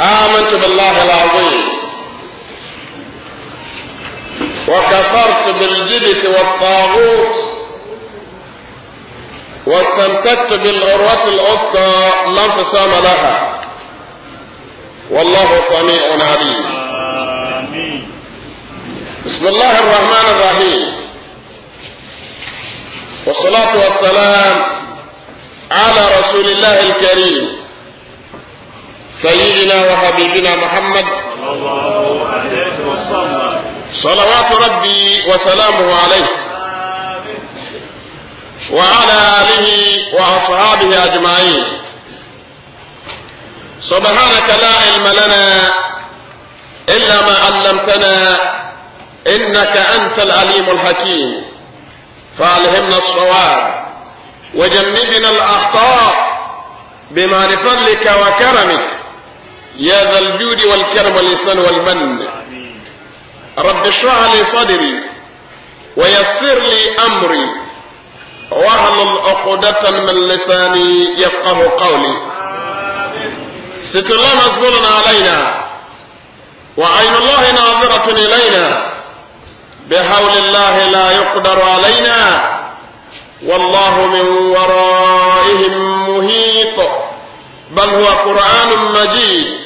آمنت بالله العظيم وكفرت بالجبت والطاغوت واستمسكت بالعروة الأسطى لا انفصام لها والله سميع عليم آمين. بسم الله الرحمن الرحيم والصلاة والسلام على رسول الله الكريم سيدنا وحبيبنا محمد صلوات ربي وسلامه عليه وعلى آله وأصحابه أجمعين سبحانك لا علم لنا إلا ما علمتنا إنك أنت العليم الحكيم فألهمنا الصواب وجنبنا الأخطاء بما لفضلك وكرمك يا ذا الجود والكرم والإحسان والمن رب اشرح لي صدري ويسر لي أمري واحلل عقدة من لساني يفقه قولي ستر الله مسبول علينا وعين الله ناظرة إلينا بحول الله لا يقدر علينا والله من ورائهم مهيط بل هو قرآن مجيد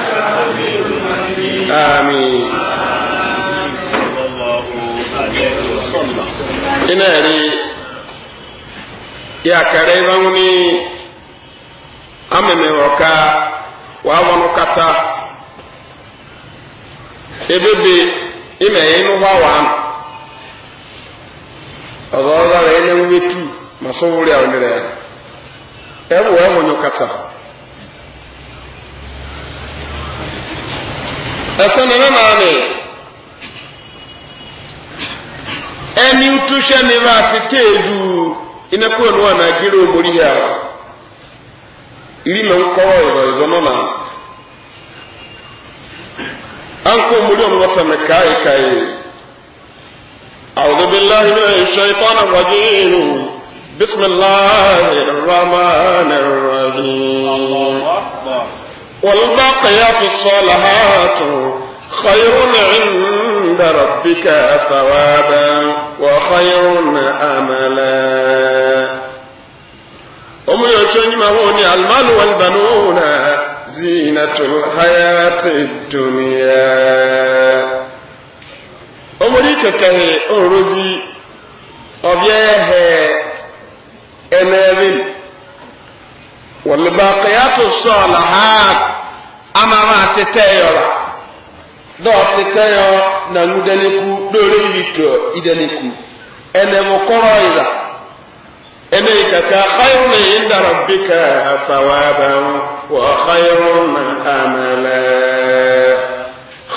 آمين ina ri ya kare zanuni amemewoka wawonukata ebebe imeye inuwa wan ọzọ ọzọ rẹ ẹni wíwé tu masowori àwọn ẹrẹ ẹwọ ẹwọ nyọkata. ẹsẹ nínú náà ni ẹni tó ṣe ní bá ti téèzù iná na ní wà nàìjíríà omori yà ìrìnà ń kọ́ ọ̀rọ̀ ìzọ́nà náà à ń kó omori ọ̀nà wọ́tà mẹ́ káyè káyè àwùjọ bíi láhìí ní ìṣe والباقيات الصالحات خير عند ربك ثوابا وخير املا أم يوشن مهوني المال والبنون زينة الحياة الدنيا أمريكا كهي أرزي أبيها أنابل wọlébàkìyàtò sọ̀ọ̀là ha ama máa tètè yọ̀rọ̀ dọ́ọ̀ tètè yọ̀ nàlú dẹ́nìkú lórí ìrìtò ìdẹ́nìkú ẹnẹ̀mú kọ́rọ̀ ìlà ẹnẹ̀ ìkàkà xayirun yìí ń dàrọ̀ bí ká àfàwàbà wà xayirun àmàlẹ́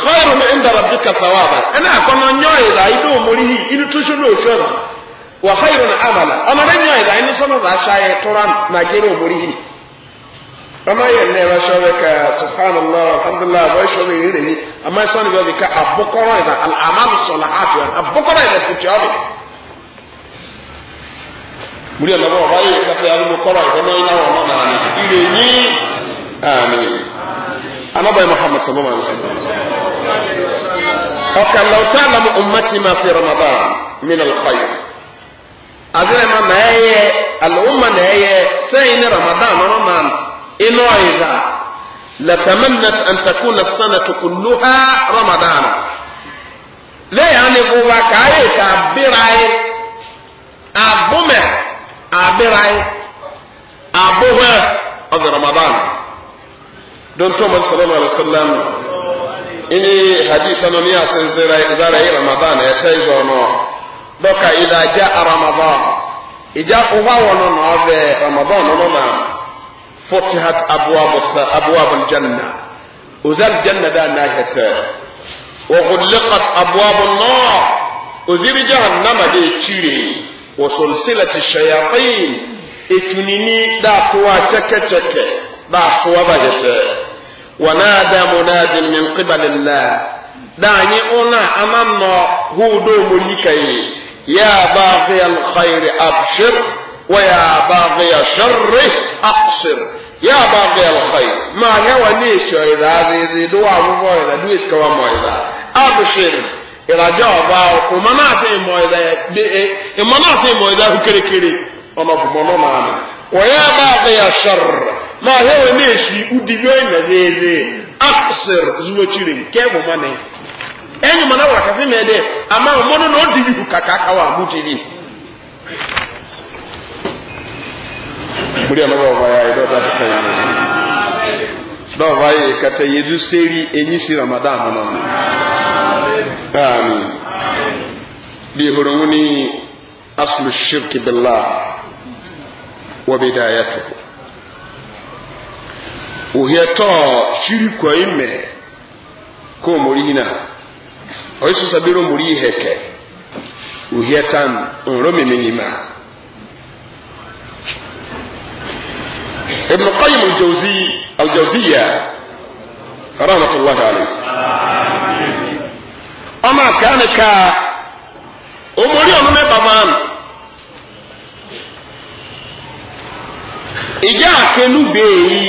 xayirun yìí ń dàrọ̀ bí ká àfàwàbà ẹnẹ̀ àkọ́nà nyọ́ ìlà inú òmùrí yìí inú túnṣu ní òṣù ẹ̀rọ wà xayirun àmàlẹ́ ọmọdé nyọ́ ìlà inú sọ́nà ama yɛ nnɛ ma sɔrɔ ka subhanallah alhamdulilah wɔyɛ sɔrɔ yɛ yɛrɛ yi ama sɔni bɛ ka abokɔrɔ yɛ na amalu sɔlɔ hati yɛ abokɔrɔ yɛ na kutuya mi muri yɛ lɔbɔ ɔba yɛ kafɛ alubokɔrɔ yɛ kɛmɛ yɛ awɔ ɔma na ni yɛ nyi ami anabɔ yɛ muhammad sallallahu alaihi wa sallam ɔka lɔta lamu ummati ma fi ramadan min alkhayr azɛrɛ ma na yɛ al'umma na yɛ sɛyin ni ramadan ɔma na. إنوائذا لتمنت أن تكون السنة كلها رمضان لا يعني بوبا كاي كابيراي أبوما أبيراي أبوها هذا رمضان دون تومر صلى الله عليه وسلم إني حديث أنوني أسن زرعي رمضان يتيزونه دوكا إذا جاء رمضان إجا أهوى ونونا رمضان ونونا فتحت أبواب, أبواب الجنة وزال الجنة ذا ناهت وغلقت أبواب النار وزير جهنم دي تشيري وسلسلة الشياطين اتنيني دا قوى تكا تكا دا صوابة ونادى مناد من قبل الله داني أنا أمامنا هو دوم لكي يا باغي الخير أبشر ويا باغي الشر أقصر ya ba da alkhai ma yawa ne shoyi da zai do wa mu boy da du iska wa moy da abshir iraja ba o mana sai moy da e e mana sai moy da kire kire o ma fu mono ma ma o ya ba da ya shar ma yawa ne shi udi yo na zeze aksir zuwa cire ke mu mane enyi mana wa kasi me de mono no di ku kaka kawa mutili muri anaba obayaye dɔba kayi dɔba yi kata yezu seri enyi si ramadan mu nɔmi aami bi hurungu ni asulu shirki billah wa bidayatu ohiɛtɔ shirikɔ yi mɛ kó omori yina ɔyisosabiro omori yi hɛkɛ ohiɛtan nrɔ mɛmɛ yi ma. ابن قيم الجوزي الجوزية رحمة الله عليه أما كانك أموري أمنا بمان ìjà kẹnu bèèyí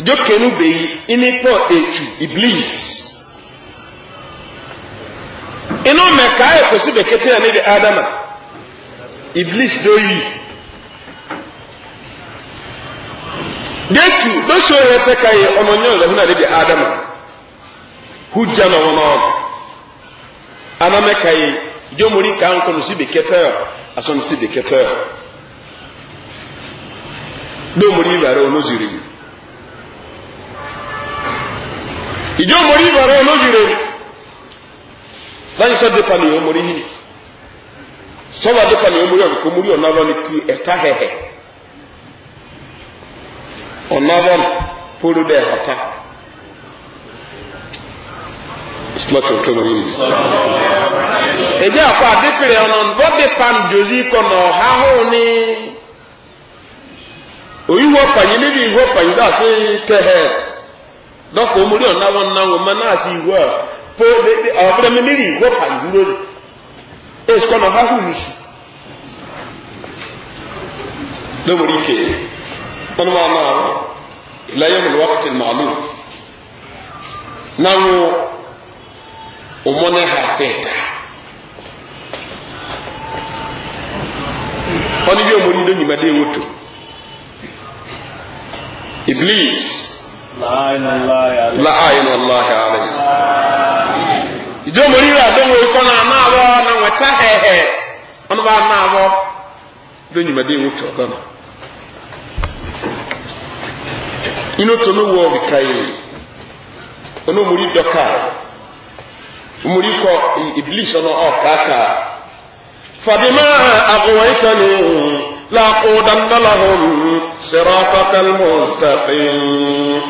ìjọ kẹnu bèèyí ìnípọ̀ ètù iblis inú mẹ̀ká ẹ̀kọ́ sí bẹ̀kẹ́tẹ́ ẹ̀ níbi ádámà iblis dóyìí detu lóṣù yẹn fẹ́ ka yẹ ọmọ nyẹ́ ọ̀lẹ́hún àdébí ádámà hu jẹ́ nà wọn náà anamẹ́ ka yẹ jọmọrí ká nkọ́ nù síbi kẹtẹ́ ọ̀ asọ́ nù síbi kẹtẹ́ ọ̀ dọ́mọrí ìbàrẹ̀ ọ̀nà zìrì mi ìjọmọrí ìbàrẹ̀ ọ̀nà ya ni tu ɔnabɔn polo bɛɛ hata ismati o tɔmɔ ɛdi akɔ adepere ɔnɔn bɔdi pan jozi kɔnɔ ɔhaho ni oyiwɔ panyin ne bi iwɔ panyin do ase tɛhɛ dɔkɔ na ma na asi a po bebe ɔbɛrɛ mi niri iwɔ panyin lori esi ha ɔhaho nusu lomori kee. أنا ما أنا إلى يوم الوقت المعلوم نعم ومن حسيت wọ́n ní bí ọmọ onídó iblis laayi wàláhì àlẹ ìjọ ọmọ onídó àdánwò ikọ́ náà náà wọ́ na wọ́n ta hẹ̀hẹ̀ wọ́n bá náà wọ́ dó nyìmá dé ino to no wɔ bikaye ɔno omuri dɔka omuri kɔ iblis ɔno ɔkaaka fadima agowaitani لأقودن لهم صراطك المستقيم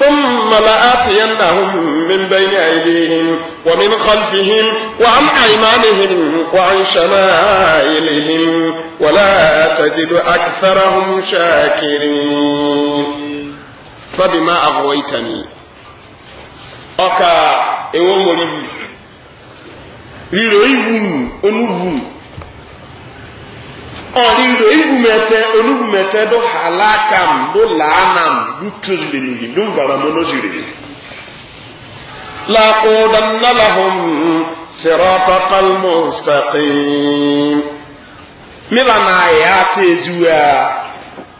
ثم لآتينهم من بين أيديهم ومن خلفهم وعن أيمانهم وعن شمائلهم ولا تجد أكثرهم شاكرين fabima aghwaytani ọka ewo mori wu riro iwu mu onuwu ọri riro iwu mẹtẹ onuwu mẹtẹ do halakam do laanam do tozile nihi do nvaramo nozire laakudanna lahum sirata kalmustaqim mi ba na ya ta eziwa.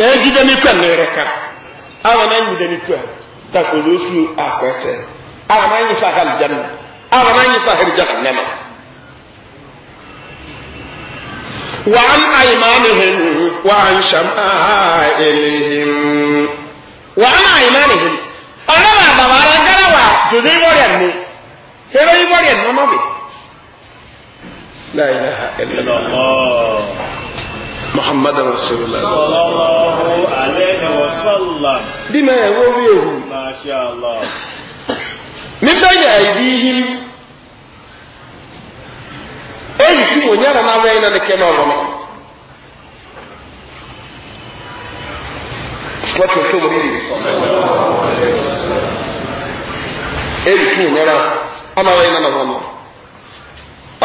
ejide n'ikwe n'ereka ama na nyide n'ikwe takwuzo osu akwete ama na nyisa hal janna ama na nyisa hal jahannama wa an aymanihim wa an shama'ilihim wa an aymanihim ọ̀rẹ́ wa bàbá rẹ̀ gara wa jòdè ìwọ́rẹ̀ mi hẹ́rẹ́ ìwọ́rẹ̀ mi ọmọ bụ? Na ilẹ̀ ha محمد رسول الله صلى الله عليه وسلم دم يوميه ما شاء الله من بين أيديهم أي في ونيرا ما بين الكلام وما Wọ́n tó wọlé rè sọ́nà. Èyí kí ìnira ọmọ wẹ́yìn náà lọ́wọ́ mọ́.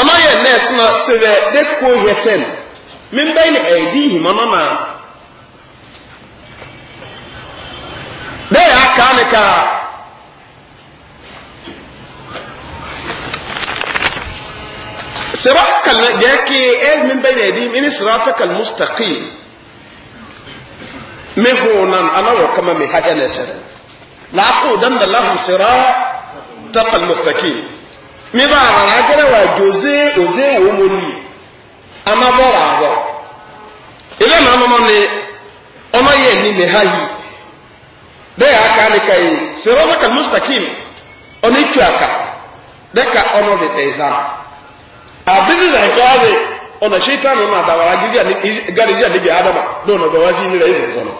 Ọmọ yẹn nẹ́ẹ̀sì náà ṣe rẹ̀ إيه من بين أيديهم أنا لا كانك صراطك جاكي من بين أيديهم إن صراطك المستقيم مهونا أنا وكما مهجنة لا أن الله صراطك المستقيم مبارا أجل وجوزي وزي ومني أنا برا برا ilé màá mọ́mọ́ ni ọmọ yẹ ni lè ha yìí bẹ́ẹ̀ aka ni ka yìí sèrè ọmọ kan mustakim ọ̀nà ìtú aka dẹ́ka ọmọ bi tẹ̀ ẹ̀zá àbíní rẹ̀ ẹ̀zọ́ adé ọ̀nà ṣètàn ọ̀nà àdàwàrà gàdìjì àdìjì àdàmà lóun ọ̀dọ̀ wájú ní rẹ̀ ẹ̀zẹ̀ zọ̀nà.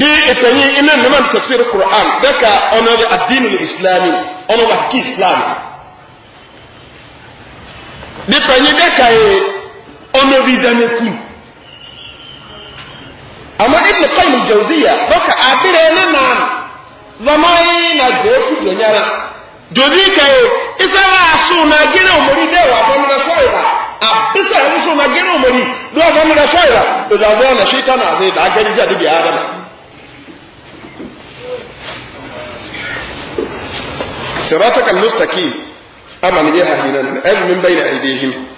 di ìpẹ̀yìn iná nímọ̀ tafsir quran dẹ́ka ọ̀nà àdínù ìsìlámì ọ̀nà wàkí ìsìlámì di ìpẹ̀yìn dẹ́ka ono bidane kun amma ibn qayyim jawziya baka abire ne na zamai na gofu donyara dobi kai isa na so na gina umuri da wa ban da shoira a bisa ya so na gina umuri do ban da shoira to da zo na shaytana zai da gani ja dubi adama صراطك المستقيم أمام إيها هنا أذ من بين أيديهم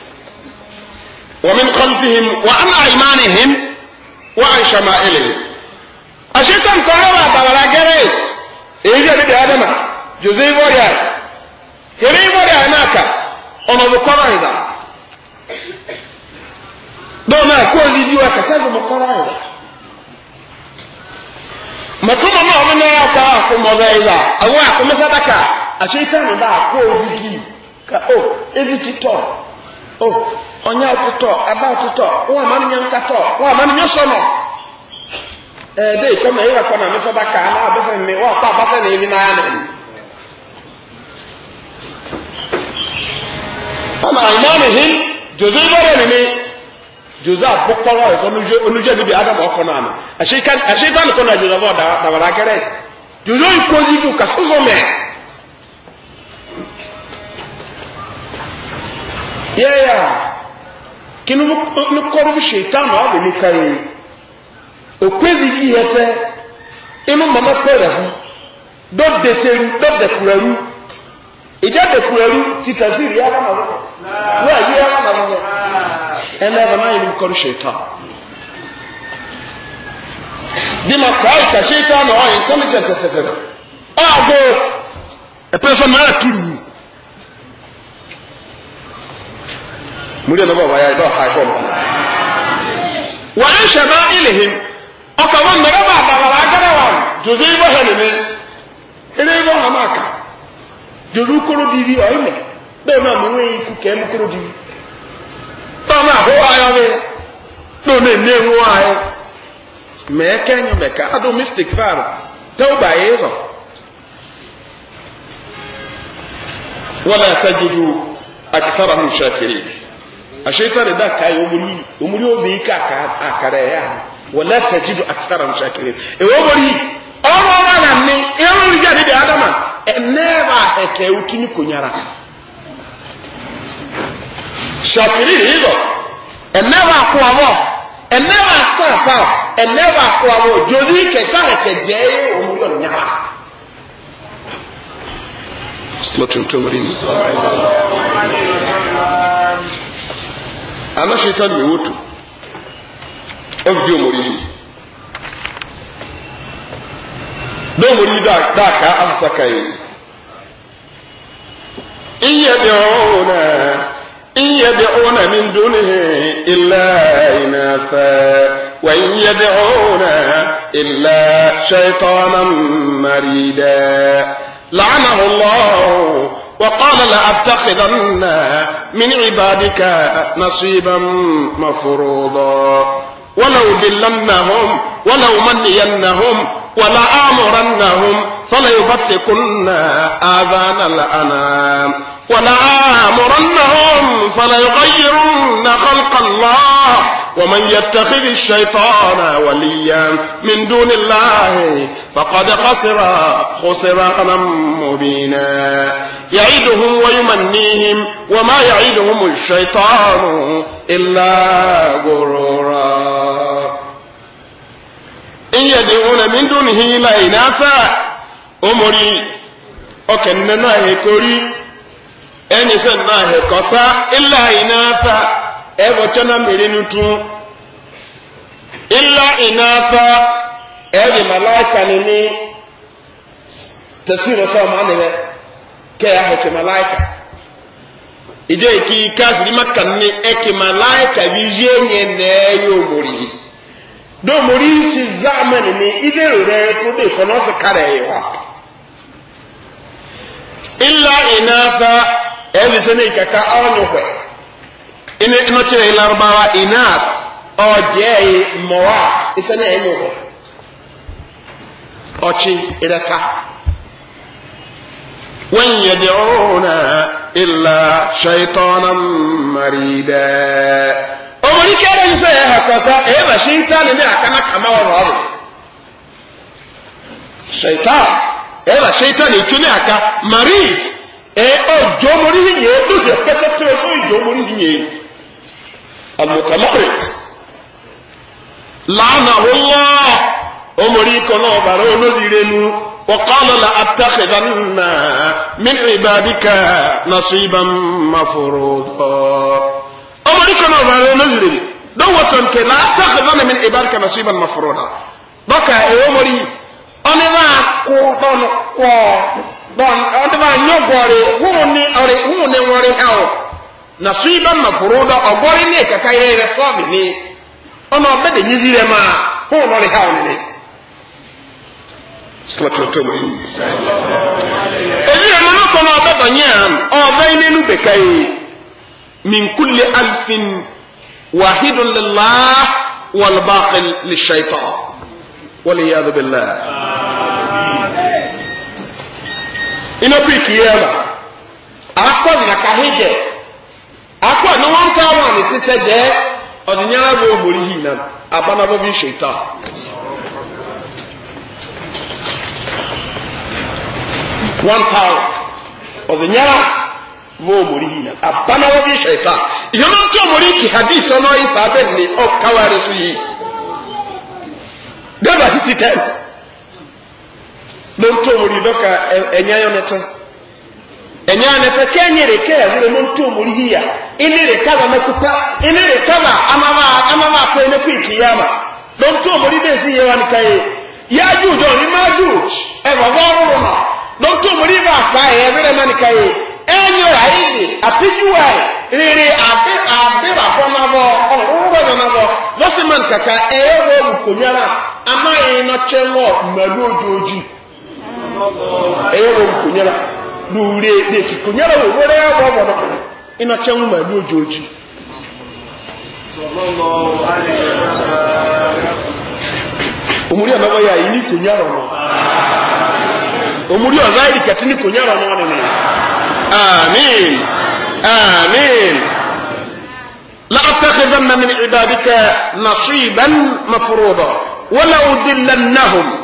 ومن خلفهم وعن أيمانهم وعن شمائلهم أشيطان كهرباء بغلا جري إيجا بدي آدم جزي بوريا كري بوريا هناك أنا بكرة إذا دوما كوزي ديوا كسابة بكرة إذا mọ̀túnmọ̀ náà ọmọ náà yàtọ̀ àfọmọ̀dọ̀ إذا àwọn àkọmọ́sádàkà àṣẹ ìtàn ìdá àkó كوزي ká ó ebi títọ̀ o ɔnya ɔtotɔ aba ɔtotɔ wɔn a ma no nya nkatɔ wɔn a ma no nya sɔnɔ ɛɛ de kɔmi ɛyɛ kɔ na mesɔ ba kaa na abɛsɛ mi wɔn akɔ abasɛ na emi n'aya na mi. ama imaamu hin jose ibara mi ni jose akpɔkpɔrɔ ɛsɛ onudze onudze mi bi adam ɔkɔ na mi ɛsi kan ɛsi kan kɔ na jose bɔ dabara kɛrɛ jose ikpozi du kasosɔ mɛ. yɛyɛ kí ni kɔrɔ bi shaitan a bɛ nika yi o kwezi fi yɛ tɛ inu mama pɛrɛ ho dɔ deteru dɔ dekuraru ìjà dekuraru ti tafsiri yɛ ama wɔn wọ́n yɛ ama wɔn ɛnna ɛfɛ náà yɛ ni kɔrɔ shaitan dima kaa ita shaitan na ɔyɛ intelligent ɛsɛ fɛ na ɔyɛ agbo ɛpɛ sɛ mɛ ɛturu. muri ọ̀nà bọ̀ wáyà ìdọ̀ àìkọ́ mọ́. wọ́n ń ṣẹ̀dá ìlìhìn ọkọ̀ wọn mẹ́rẹ́ bá àbàbàrà agbára wà jòzó ibò hẹ̀ nìmi ilé ibò hàn àkà jòzó kóró di rí ọ̀ìmẹ̀ bẹ́ẹ̀ máa mú wẹ́yìn ikú kẹ́ mú kóró di rí. tọ́nà àbúrò ayọ́ mi tó lè ní ewu ayọ́ mẹ́ẹ̀kẹ́ ń mẹ́ka adó mystic fáàrù tẹ́wọ́ bàyẹ̀ rọ̀ wọ́n lè àtàjẹ́ ju akitara àṣetán ẹ̀dá káyọ̀ omori omori omi ká àkàrà ẹ̀yà wọlé tẹ̀jú àkàrà ṣàkiri èwo mori ọmọ ọmọ nà ní irun ìjà níbi adama ẹnẹ́ẹ̀bà ẹ̀kẹ́ otu ní kònyàrá ṣàkiri yìí lọ ẹnẹ́ẹ̀bà kó àwọ̀ ẹnẹ́ẹ̀bà sàásà ẹnẹ́ẹ̀bà kó àwọ̀ jòdì kẹsà ẹ̀kẹ́ jẹ́ omori ọ̀nyàrá lọ́tún tó ana shaitan mai woto ọfidio mori yi don mori da ka amsa kai in yabi ona in yabi ona min dunihi illa inafa wa in yabi ona illa shaitanan marida la'anahu allah وقال لأتخذن من عبادك نصيبا مفروضا ولو دلنهم ولو منينهم ولا آمرنهم فليبتكن آذان الأنام ولآمرنهم فليغيرن خلق الله ومن يتخذ الشيطان وليا من دون الله فقد خسر خسرانا مبينا يعدهم ويمنيهم وما يعيدهم الشيطان إلا غرورا إن يدعون من دونه إلا إناثا أمري أكننا هكوري ẹni sẹ náà hẹ kọsá ilà ìnáta ẹbọ tẹnà mìíràn nìtú ilà ìnáta ẹbí màláìka nìní tẹsí rẹ sọ ọmọ ànìyẹ kẹ ẹ ahọkẹ màláìka ìdí èkì káfíìrì mẹka ní ẹkẹ màláìka yìí yé ẹnyẹ nẹẹ yóò mọrí yìí dɔmori si zamani ni ibe rɛ to de kɔnɔ fi kara yi wa. illa inafa ɛbi sɛ ne kaka ɔnyɔkɔ ɛna ɛna kyerɛ larubawa inab ɔgyɛɛ mɔwat ɛsɛ ne ɛnyɔkɔ ɔkye ɛdɛta wɔn yɛ deɛ ɔrɔna illa shaitɔna marida ɔmɔni kɛrɛ nsɛ yɛ hakɔsa ɛyɛ e ba shaitani ne akana kama wɔ rɔba shaitan ɛyɛ e ba shaitani etu aka marid ọjọ́ mori yìnyẹ lóde pẹ́sẹ́ tẹ́lẹ̀ fún ìjọ mori yìnyẹ alutamọ́rẹ́t lánà wọ́lọ́ ọmọrí ikọ̀ náà bàrẹ́ olóòzìire nu wọ́kọ́lọ́ la atẹ́kẹ̀dánná mílíọ̀nù ìbàdíkà nàṣíbà máfòròdọ́ ọmọrí ikọ̀ náà bàrẹ́ olóòzìire dọ́wọ́tọ̀n kẹ́ la atẹ́kẹ̀dánná mílíọ̀nù ìbàdíkà nàṣíbà máfòròdọ́ dọ́kà ẹ̀yọ́ mori ọ bọn ọdún bá nyọ gọrẹ hùwù ni ọrẹ hùwù ni wọrẹ hẹwọ na so yi bá ma foro dọ ọgọrẹ ní ẹkẹkẹ yẹ rẹ sọọbi ni ọmọ ọbẹ dẹ nyi zi rẹ ma hùwù lọrẹ hẹwọ ni. èyí ẹnu náà kọ́ náà ọbẹ bọ̀ nyẹ́ àmì ọbẹ̀ yìí nínú bẹ̀kẹ́ yìí minkulli alfin wahidun lillah walbaaqin lishaitọ wàlíyàdùbìlá. inopik ihe ma akọ dị na kahije akọ na wọn ta wọn ni titẹ jẹ ọdịnyere bụ ogbori hi na abanabọ bụ ishe taa one pound ọdịnyere bụ na abanabọ bụ ishe ihe ọma ntụ ogbori ki hadis ọ n'ọyị saa bẹ ọ kawara su yi dọba titi n'ontomori dɔka ɛnya e, yɔ n'ɛtɔ ɛnya yɔ n'ɛtɔ kɛ nye de kɛ yi ya ɛne de kala n'ekuta ɛne de amama amama atɔ yi n'eku ikiyama n'ontomori de ezi yɛ wa nika ye Ya dɔ ni ma ju ɛfɔ bɔ e ma b'a yɛ ma e ye ayi de riri abe abe ba fɔ n'abɔ ɔrɔ bɛ n'abɔ nkaka ɛyɛ wɔ ama ɛyɛ wɔ nkonyala lóore dèkì konyala wò wọlé wọ wọ nà iná kyɛn mu màlúù ojooji. omuri anagbɔ yà yìí ní konyala nọ omuri ɔzá yìí kẹtì ní konyala nọ nínú amin amin. لأتخذن من عبادك نصيبا مفروضا ولأدلنهم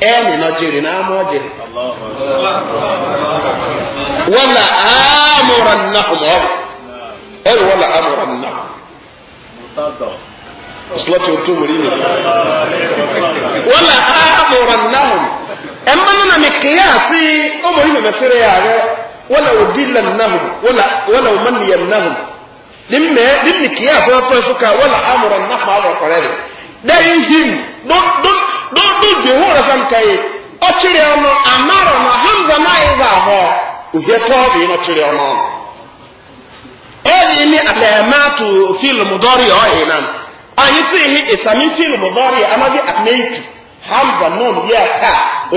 ẹ̀mì náà jèrè náà mọ́ jèrè wọ́lá àmúra náà mọ́ ẹ̀rù wọ́lá àmúra náà slọ́tì ojú mú rí mi wọ́lá àmúra náà ẹ̀mọ́ nínú mi kìí àsí ọmọ rí mi mẹ́sẹ̀rẹ̀ ààrẹ wọ́lá òdìlẹ̀ náà wọ́lá òmànìyàn náà ní mi kìí àsọ́fẹ́ sọ́kà wọ́lá àmúra náà mọ́ àwọn ọ̀kọ̀rẹ́ rẹ̀ dẹ́yìn yìí dóòdì hó rẹ̀ sọ́n kẹ́yì ọ̀kyerẹ́ ọmọ amárọ̀ ọmọ hamza náà bá họ òhìẹ tọ́ọ̀bì yìí ọ̀kyerẹ́ ọmọ ọmọ ẹ̀yìn ní alẹ́mẹ́tò fílmù dọ́rì ọ̀hìn náà àyè sí ihe ìsàmì fílmù dọ́rì anábì àmẹ́tò hamza náà yẹ ká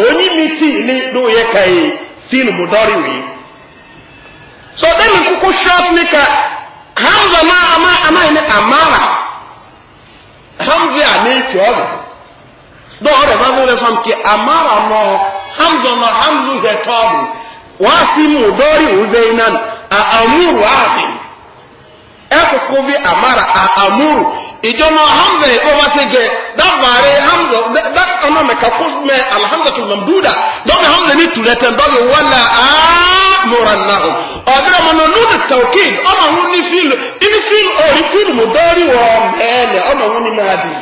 òní mi fíìlì lóye kẹ́yì fílmù dọ́rì so ɛmi koko shop ni ka hamza ma ama ama yi ni amara hamza na ne twɛ dɔwɔrɛ bá fún lẹsɔn kí amara nɔ hamzɔnɔ hamzu hɛ tɔɔbu wàá sí mu dɔɔri wùdéyìn náà a amúru ààfin ẹ kókó bí amara a e amúru ìjọba hamza yìí kó bá ti jẹ dábàárẹ hamza dá ọmọ mi ká kó mẹ alhamdulilayi mamduda dɔwɔrɛ hamza ni tulẹtẹ dɔwɔrɛ wàlà àmúra náà ọdún ọmọ náà lóde tawkid ọmọ òun ní fílù ibi fílù òòrì fílù mu dɔɔri wọ mẹẹlẹ ọmọ òun ní máa dì í.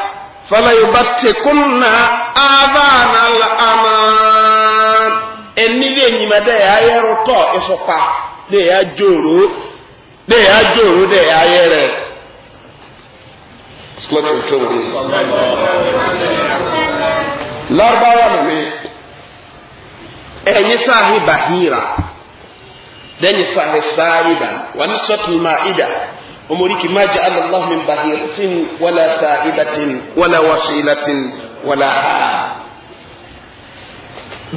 فلا aban al'aman ẹni lè nyima dẹ ẹ ayẹrọ tọ ìsọpa dẹ ẹ ajoro dẹ ẹ ajoro dẹ ẹ ayẹrẹ. larabawa nani ẹyin sahi bahira dẹni sahi sahiba wani sọtuma ida omoriki ma ja'ala Allah min bahiratin wala sa'ibatin wala wasilatin wala ha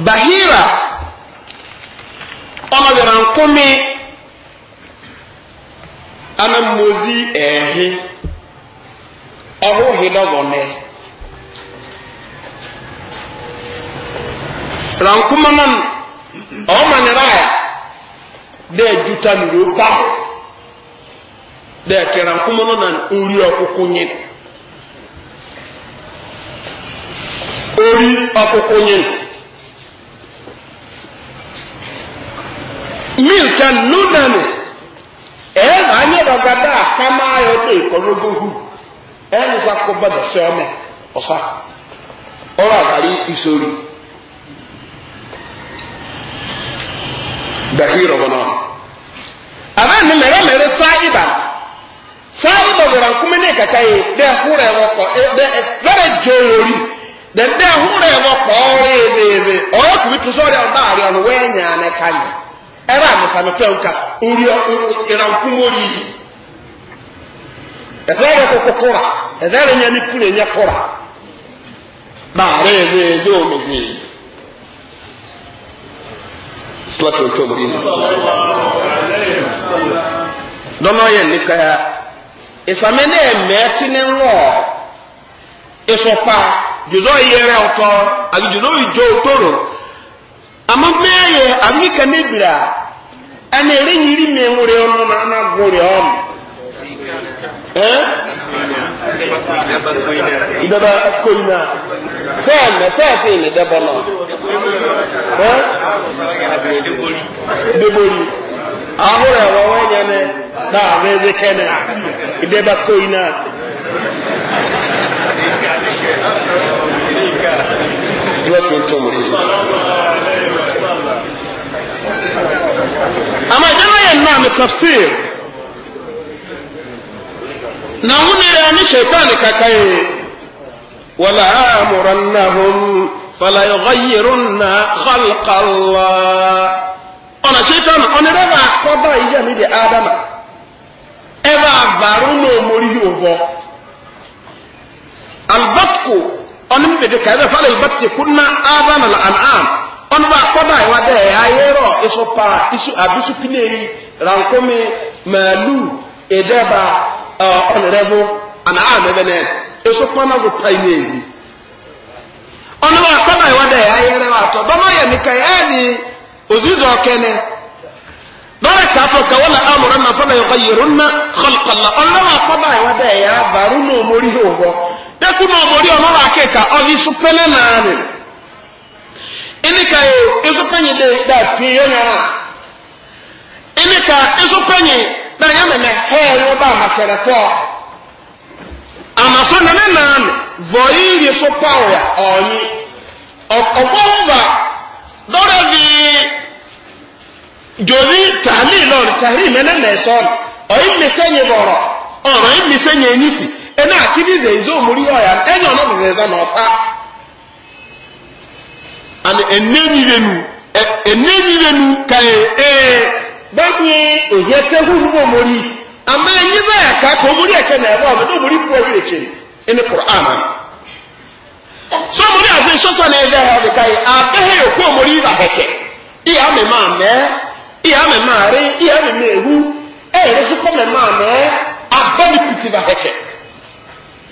bahira ọmọ yọrọ nkumi ana mmozi ẹhi ọhụ hidọbọne rankuma nan ọmọ nyere a dị ejuta nuru pahụ dɛ kɛra nkuma na nri ọkụkụ nye ori ọkụkụ nye milka nunani ɛyɛ na anyɛ dɔgada a kama ayɛ ɔdɔ ikɔnogo hu ɛyɛ nisa kɔba dɔ sɛ ɔmɛ ɔsa ɔrɔ abali isori bahiro bɔnɔ abɛn ni mɛrɛ sa iba. sáyé lọ́wọ́ra nkúmi ní kàkà yìí dẹ́ ẹ̀húnrẹ́ wọ́n kọ́ lọ́rẹ́ jẹ́ orí dẹ́ dẹ́ ẹ̀húnrẹ́ wọ́n kọ́ ọ̀rẹ́ ẹ̀rẹ́ ọ̀rẹ́ kùmí tó sọ́ọ́rẹ́ ọ̀dá àrẹ́ ọ̀nà wẹ́ẹ́ nyà ní kányà ìsàmì náà mẹ́ẹ̀tì ní ńlọ ìsọ̀pá jùlọ ìyẹrẹ ọkọ àti jùlọ ìjọ òtòrò àmọ́ mẹ́ẹ̀yẹ àmìkà níbìrà ẹni eréyìírí mi ń rí ọmọ náà náà gbórí ọmọ. ìdọ́dọ̀ sẹ́ẹ̀sì náà. ahụrụ ewe onye ne na-ahụ eze kenya idebe koyi na ama jama yẹn nọ àmì tafsir na wọn ni ẹni ṣètàn kàkà yìí wàlá àmúrannahum fàlàyọ̀gọ́yìrún na khalqallah. ọ̀nà ṣetán ọ̀nẹ́rẹ́wà àkọ́bà ìjà níbi ádámà ẹwà àbàrún náà mórí òvọ albatko ọ̀nà mẹ́tẹ̀ẹ̀tẹ̀ kàẹ́fẹ́ dị albatko kúnná ádámà lànàm ọ̀nà àkọ́bà ìwádẹ́ ayérọ̀ ìsọpa isu àbísúpilẹ̀ rankomi màálù ìdẹ́ba ọ̀nẹ́rẹ́vọ́ ànàm ẹ̀bẹ̀nẹ̀ ìsọpa na ló pa ilé yìí ọ̀nà àkọ́bà ìwádẹ́ ayérọ̀ àtọ̀ dọ́mọ̀ yẹ̀mí kàẹ́ òzúzọ kẹne lọ́rẹ̀ kàtó kàwọn àmọ̀ràn náà fọlá yọkọ yẹrùn náà kọlùkọlà ọlọ́wọ́ àfọlá ìwà bẹ́ẹ̀ yà bàrú náà mórí òwò dẹ́kun náà mórí ọlọ́wọ́ àkẹ́kà ọdí súpẹ́lẹ́ náà nì ẹnìkà yìí ẹsùpẹ́yìn dé dà tún yẹn yàrá ẹnìkà ẹsùpẹ́yìn dà yẹn mẹ́mẹ́ hẹ́ẹ̀ ló bá àmàkẹ́rẹ́ tọ́ àmàsọ́ nẹ́nẹ́ náà nì vọ̀yìn yìí súpẹ́ ọ̀yà ọ̀yìn ọ̀pọ̀ wọ́n bá lọ́rẹ̀ bíi. jòrí tààlì lọ́rì tààlì mẹ́lẹ́ mẹ́sàn ọ̀yìn mẹ́sẹ̀yẹ Oyi ọ̀rọ̀ yìí mẹ́sẹ̀yẹ nísì ẹ̀nà àkíndìdè ìzó òmùrí ọ̀yà ẹ̀nà ọ̀nà bẹ̀rẹ̀ ẹ̀zá nà ọ̀fà. àni ẹ̀nẹ́ni rẹnu ẹ̀nẹ́ni rẹnu kàyé ẹ̀ báyìí èyẹ tẹ́hu ní òmùrí àmọ́ ẹ̀yìn ka ká kò òmùrí ẹ̀kẹ́ nà ẹ̀rọ iya mɛ maa e, re iya mɛ mɛ ehu ɛyɛ de so kɔ mɛ maa mɛ abɛni kuti ba hɛhɛ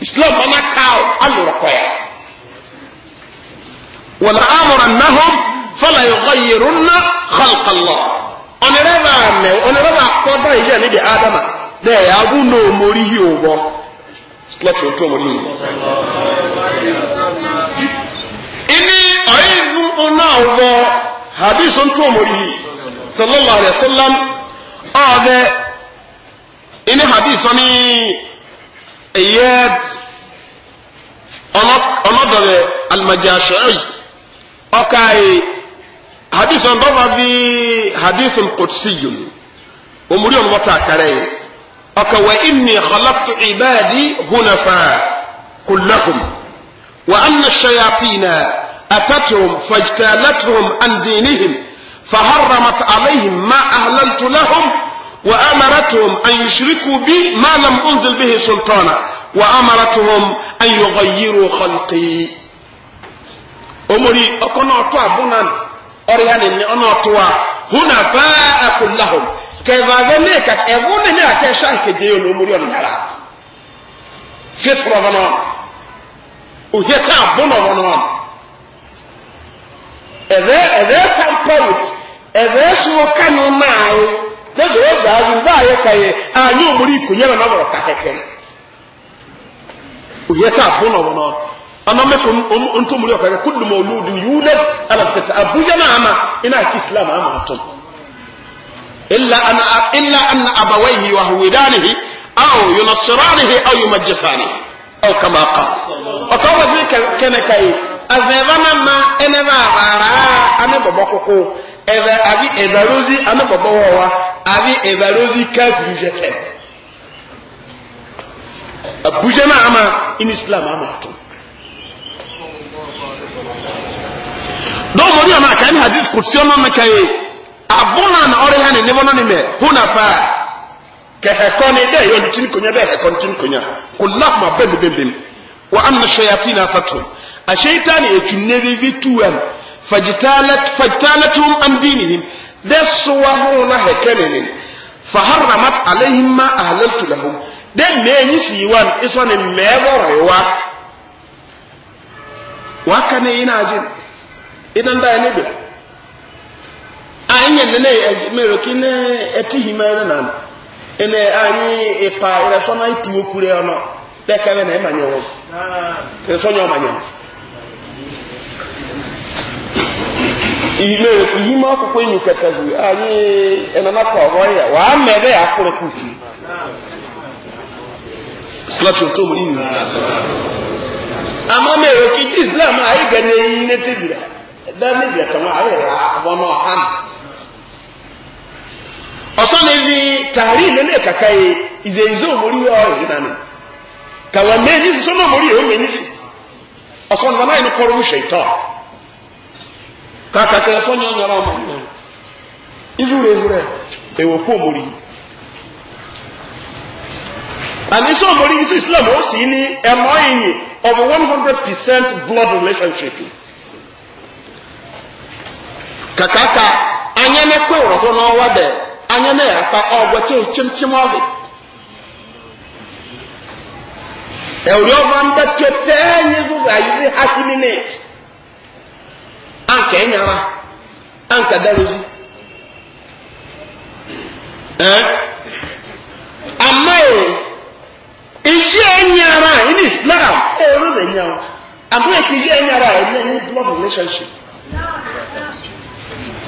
islam mana kaa alora kɔya wala amora nahom fala yɔgɔyirunna khalqallah ɔnere baa mɛ ɔnere baa kɔda yi yɛ ne de adama dɛ yabu n'omori yi o bɔ islam sɔ tó omori yi ini ɔyɛ nu ɔna ɔbɔ hadith sɔ tó omori yi sallallahu alayhi wa sallam ọ̀ọ́dẹ inú hadith sọ ní ẹ̀yẹ ọlọ́dọ̀rẹ̀ alimajasọ́ọ̀yì ọkà ẹ̀ hadith sọ dọ́gba bí hadith qudsiyyun omuri ọ̀nà wọ́tà kàrẹ́ yìí ọkà wà inni khalaqtu ibadi hunafa kullahum wa anna shayatina atatuhum fajtalathum an فهرمت عليهم ما أهللت لهم وأمرتهم أن يشركوا بي ما لم أنزل به سلطانا وأمرتهم أن يغيروا خلقي أمري أكون أطوى بنا أني أنا أطوى هنا فاء كلهم كيف ذلك أظن هنا كشاك ديون أمري أن فطرة ظنان وهي كان بنا ظنان إذا إذا كان بوت ɛbɛɛ e soɔ ka no naaye na sɛ ɔdaa so da ayɛ ka yɛ anyɛ ɔmɔre ikonya na nabɔrɔ ka kɛkɛ oyɛ ka abo na ɔwɔ no ama mɛfɔ ntomori ɔka kɛ kullu mawludin yulad ala fita abuja na ama ina aki islam ama atom illa an illa an abawayhi yuhawidanihi aw yunasiranihi aw yumajjisanihi aw kama qala ɔtɔwɔ fi kɛnɛ kai azɛbana ma ɛnɛ ba abara ane bɔbɔ Ebe àbí ẹ̀bẹ̀rọ́sí anábọ̀bọ̀wọ̀ wa àbí ẹ̀bẹ̀rọ́sí kẹ́ẹ̀bù jẹ́tẹ̀ àbújẹ́ náà ama in islam ama tó ni mọ̀rí ọ̀nà àkàní hadith kò tí ọmọ mẹ́ka yìí àbúnà na ọrịa na ní wọn ní na fa pa kẹhẹkọ ni bẹẹ yọ ntí nkonya bẹẹ hẹkọ ntí nkonya kò láfù ma bẹẹ m. bẹẹ bẹẹ na wà á a ṣẹyàtì náà fàtó àṣeyìí tán ni ètù nẹ́ẹ̀ẹ́dẹ́gbẹ́ فاجتالت فاجتالتهم عن دينهم ده سواهون هكنن فحرمت عليهم ما أهللت لهم ده ميني سيوان إسوان ميبور يوا وكان يناجن إذن ده نبلا أين ينني ميروكين أتيهما ينان إن أني إقا إلى سنة يتوكولي أنا ده كان ينمي يوم إلى سنة يوم ينمي ilé yìí máa kókó inú kẹtẹgù ayé ẹnanakọ ọ̀rọ̀ ẹ̀yà wà á a àkúrẹ́kù tí slọ́tí tó mú nínú àmọ́ mẹ́rẹ́ kí islam ayígẹ́ ní eyín ní tébìlẹ̀ dáná ìbìlẹ̀ tẹ̀wọ́n ayé rà wọn náà hàn ọ̀sán ni fi tààrí ìlú ní kàkà yìí ìzẹ̀ ìzẹ̀ òmórí ọ̀rọ̀ yìí nánú kàwọn kàkà kẹrẹ nyere nyọ́rọ́ ọmọ yẹn irú ewúrẹ́ èwò kó mórí àníṣọ́ mórí isi islam ó sì ní ẹ̀mọ́ ìyìn of a one hundred percent blood relationship kàkà kà anya ne kó ìrọ̀kọ́ náà wá bẹ̀ anya ne yà pa ọ̀gbẹ́ tí o kyimkyim ọ̀bẹ. ẹ̀wùrẹ́ ọba ń bẹ́ anka ɛnyara anka darozi ɛn eh? ama yi ìyí ɛnyara in islam ɛyọrọ lè nya o àmúyẹ kì í yí ɛnyara blood relationship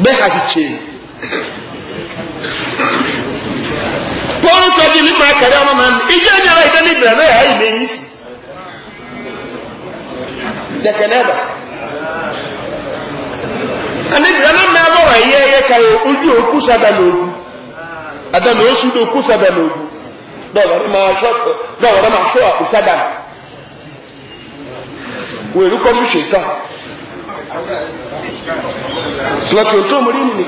bẹ́ẹ̀ ká ti tse pọ́ńtò di mímọ akẹ́rẹ́ ọmọ mẹ́rin ìyí ɛnyara ìdẹ́ni bẹ̀rẹ̀ ẹ̀ ẹ̀yìn mẹ́yìn sí dẹ̀kẹ̀ náà bá anẹ́bìrẹ́ náà mẹ́ lọ́rọ̀ ẹ̀yẹ ẹyẹ kayọ ojú òkú sábà lóògùn àdánù oṣù òkú sábà lóògùn lọ́wọ́rọ́ máa ṣọ́ àkú sábà wèrú kọ́ mú ṣètà lọ́tí òtún ọmọdé nìyí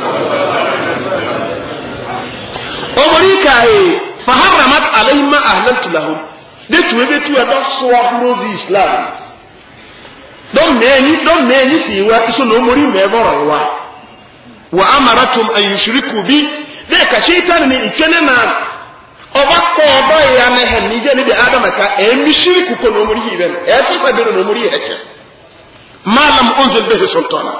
ọmọdé kàáyé fahamamat alayhima ahlantu lahum dẹ́tù ebe tú ẹ̀dọ́ sọ́ọ́ lóògùn islam dɔmnɛɛni dɔmnɛɛni si wa iso na omori mɛɛbɔrɔ wa wa amara tum ayusiriku bi bɛɛ ka seitan ni itwene na ɔba kɔ ɔba ya ne hɛ nijɛ ne bi adama ka ɛmi siriku ko na omori yi bɛ na ɛsi fa bɛrɛ na omori yɛ kɛ maalam onzol bɛ hesɔn tɔna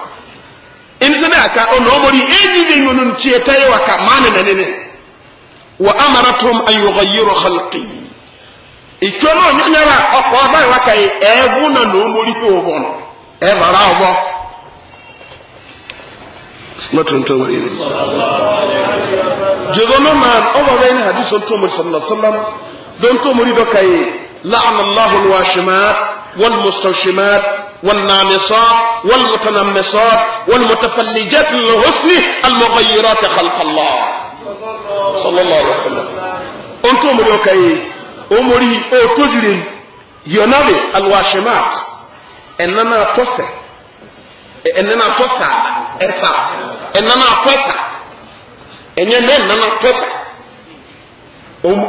ɛnisɛn bɛ aka ɔna omori ɛni bɛ nyɔnu tiɛ tɛ wa ka maa ne na ne wa amara tum ayɔgɔ yɛrɛ xalqi. ìtú ọmọ nyanyara ọkọ ọba ìwà ka yìí ẹ̀ẹ́gún náà ló ń mórí tó wọ̀ nù ẹ̀ bàrà ọ̀bọ. jẹ́gọ́nà máa ọba ọba yìí ní hadith ọ̀tún ọmọ sọ̀rọ̀ sọ́lá dọ́ntọ́ mórí dọ́ka yìí láàmú aláhùn wa ṣìmá wọ́n mọ̀sọ̀ ṣìmá wọ́n nàmẹ́sọ́ wọ́n mọ̀tànàmẹ́sọ́ wọ́n mọ̀tàfàlìjẹ́ tìlọ̀hósìnì almọ̀gbẹ̀yìrọ̀ tẹ̀ kàlkàlá sọ́lá omori otojirin yonavi alwashimat ɛnana atɔsɛ ɛnana e, atɔsɛ ɛsa ɛnana atɔsɛ ɛnyɛ nɛ ɛnana atɔsɛ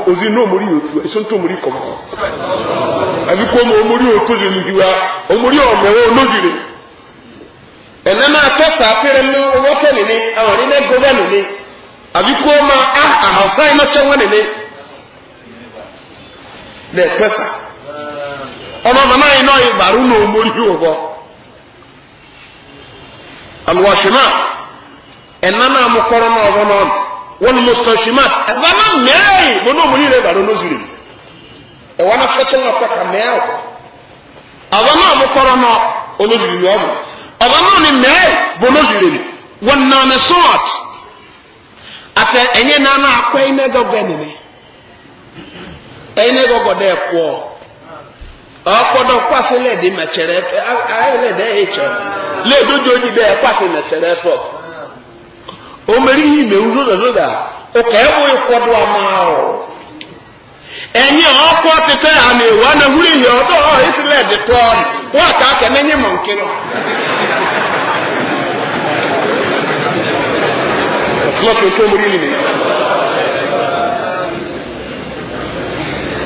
ozi na omori otu eso nto omori kɔmɔ abi ko mo omori otojirin diwa omori ɔmɔwɔ onojirin ɛnana atɔsɛ afɛrɛ no wɔtɛ nini awɔri nɛ gɔvɛ nini abi ko ma ahasa ah, yi na kyɛn wɛ nini. na ekwesa ọmọ mama nọ ịgbara yìí gbàrú ní omori yìí wọ̀bọ alwashima ẹ̀nà náà mo kọ́rọ́ náà ọ̀bọ náà wọ́n ní mustashima ẹ̀fọ́ náà mẹ́ẹ̀ẹ́ bó ní omori yìí rẹ̀ gbàrú ní ozuri ẹ̀wọ́n náà ka mee ọ̀bọ náà mo kọ́rọ́ náà olójúri ni ọ̀bọ ọ̀bọ náà ni mẹ́ẹ̀ bó ní ozuri ni wọ́n náà ní sọ́ọ̀t àtẹ ẹ̀yẹ náà ẹni gbọgbọdọ ẹkọ ọkọdọ kwasi lẹdi mẹtsẹrẹ ẹtọ ayé lẹdi ẹyẹ tsẹ bẹ kwasi mẹtsẹrẹ omeri yi ọkọ ẹwọ ẹkọdọ ama ọ ẹni ọkọ titẹ àmì wà nà húri yẹ ọdọ ọ esi lẹdi tọ ọ wà ká kẹ n'enye mọ nkiri. tó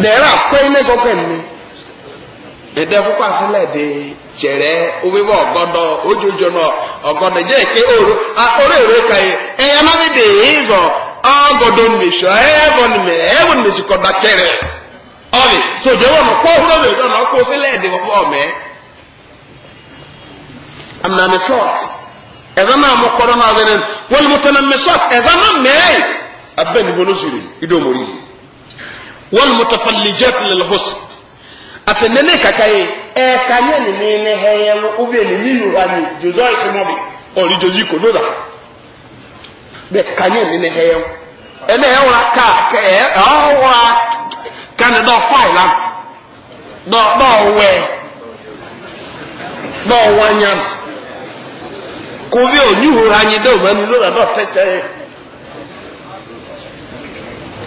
dẹ̀rẹ́ àkọ́ iná kọ́kọ́ ẹ̀mí ẹ̀dẹ́ fúnpá sílẹ̀ di jẹ̀rẹ́ wíwọ́ ọ̀gọ́dọ̀ ojoojúmọ́ ọ̀gọ́dọ̀ jẹ́ èké òru orí èrè kàyé ẹ̀yẹ má fi dè é zọ ọ̀gọ́dọ̀ nìṣọ ẹ̀ẹ́bọ̀ nìmẹ̀ ẹ̀ẹ́bọ̀ nìṣọ kọ̀dà kẹrẹ ọ̀lì sọ̀jọ́ wọn kọ́ òwúrọ̀ lè dọ̀nà ọkọ̀ sílẹ̀ di wọ́pọ̀ والمتفلجات للحسن أتنني كاكاي إيه كان ينمين هيا وفين نينو هاني جزاء سمامي أو لجزي كدودا بك كان ينمين هيا أنا هوا كا كا هوا كان دو فايلا دو دو وي دو وانيان كوفيو نيو هاني دو ماني لولا دو تتاي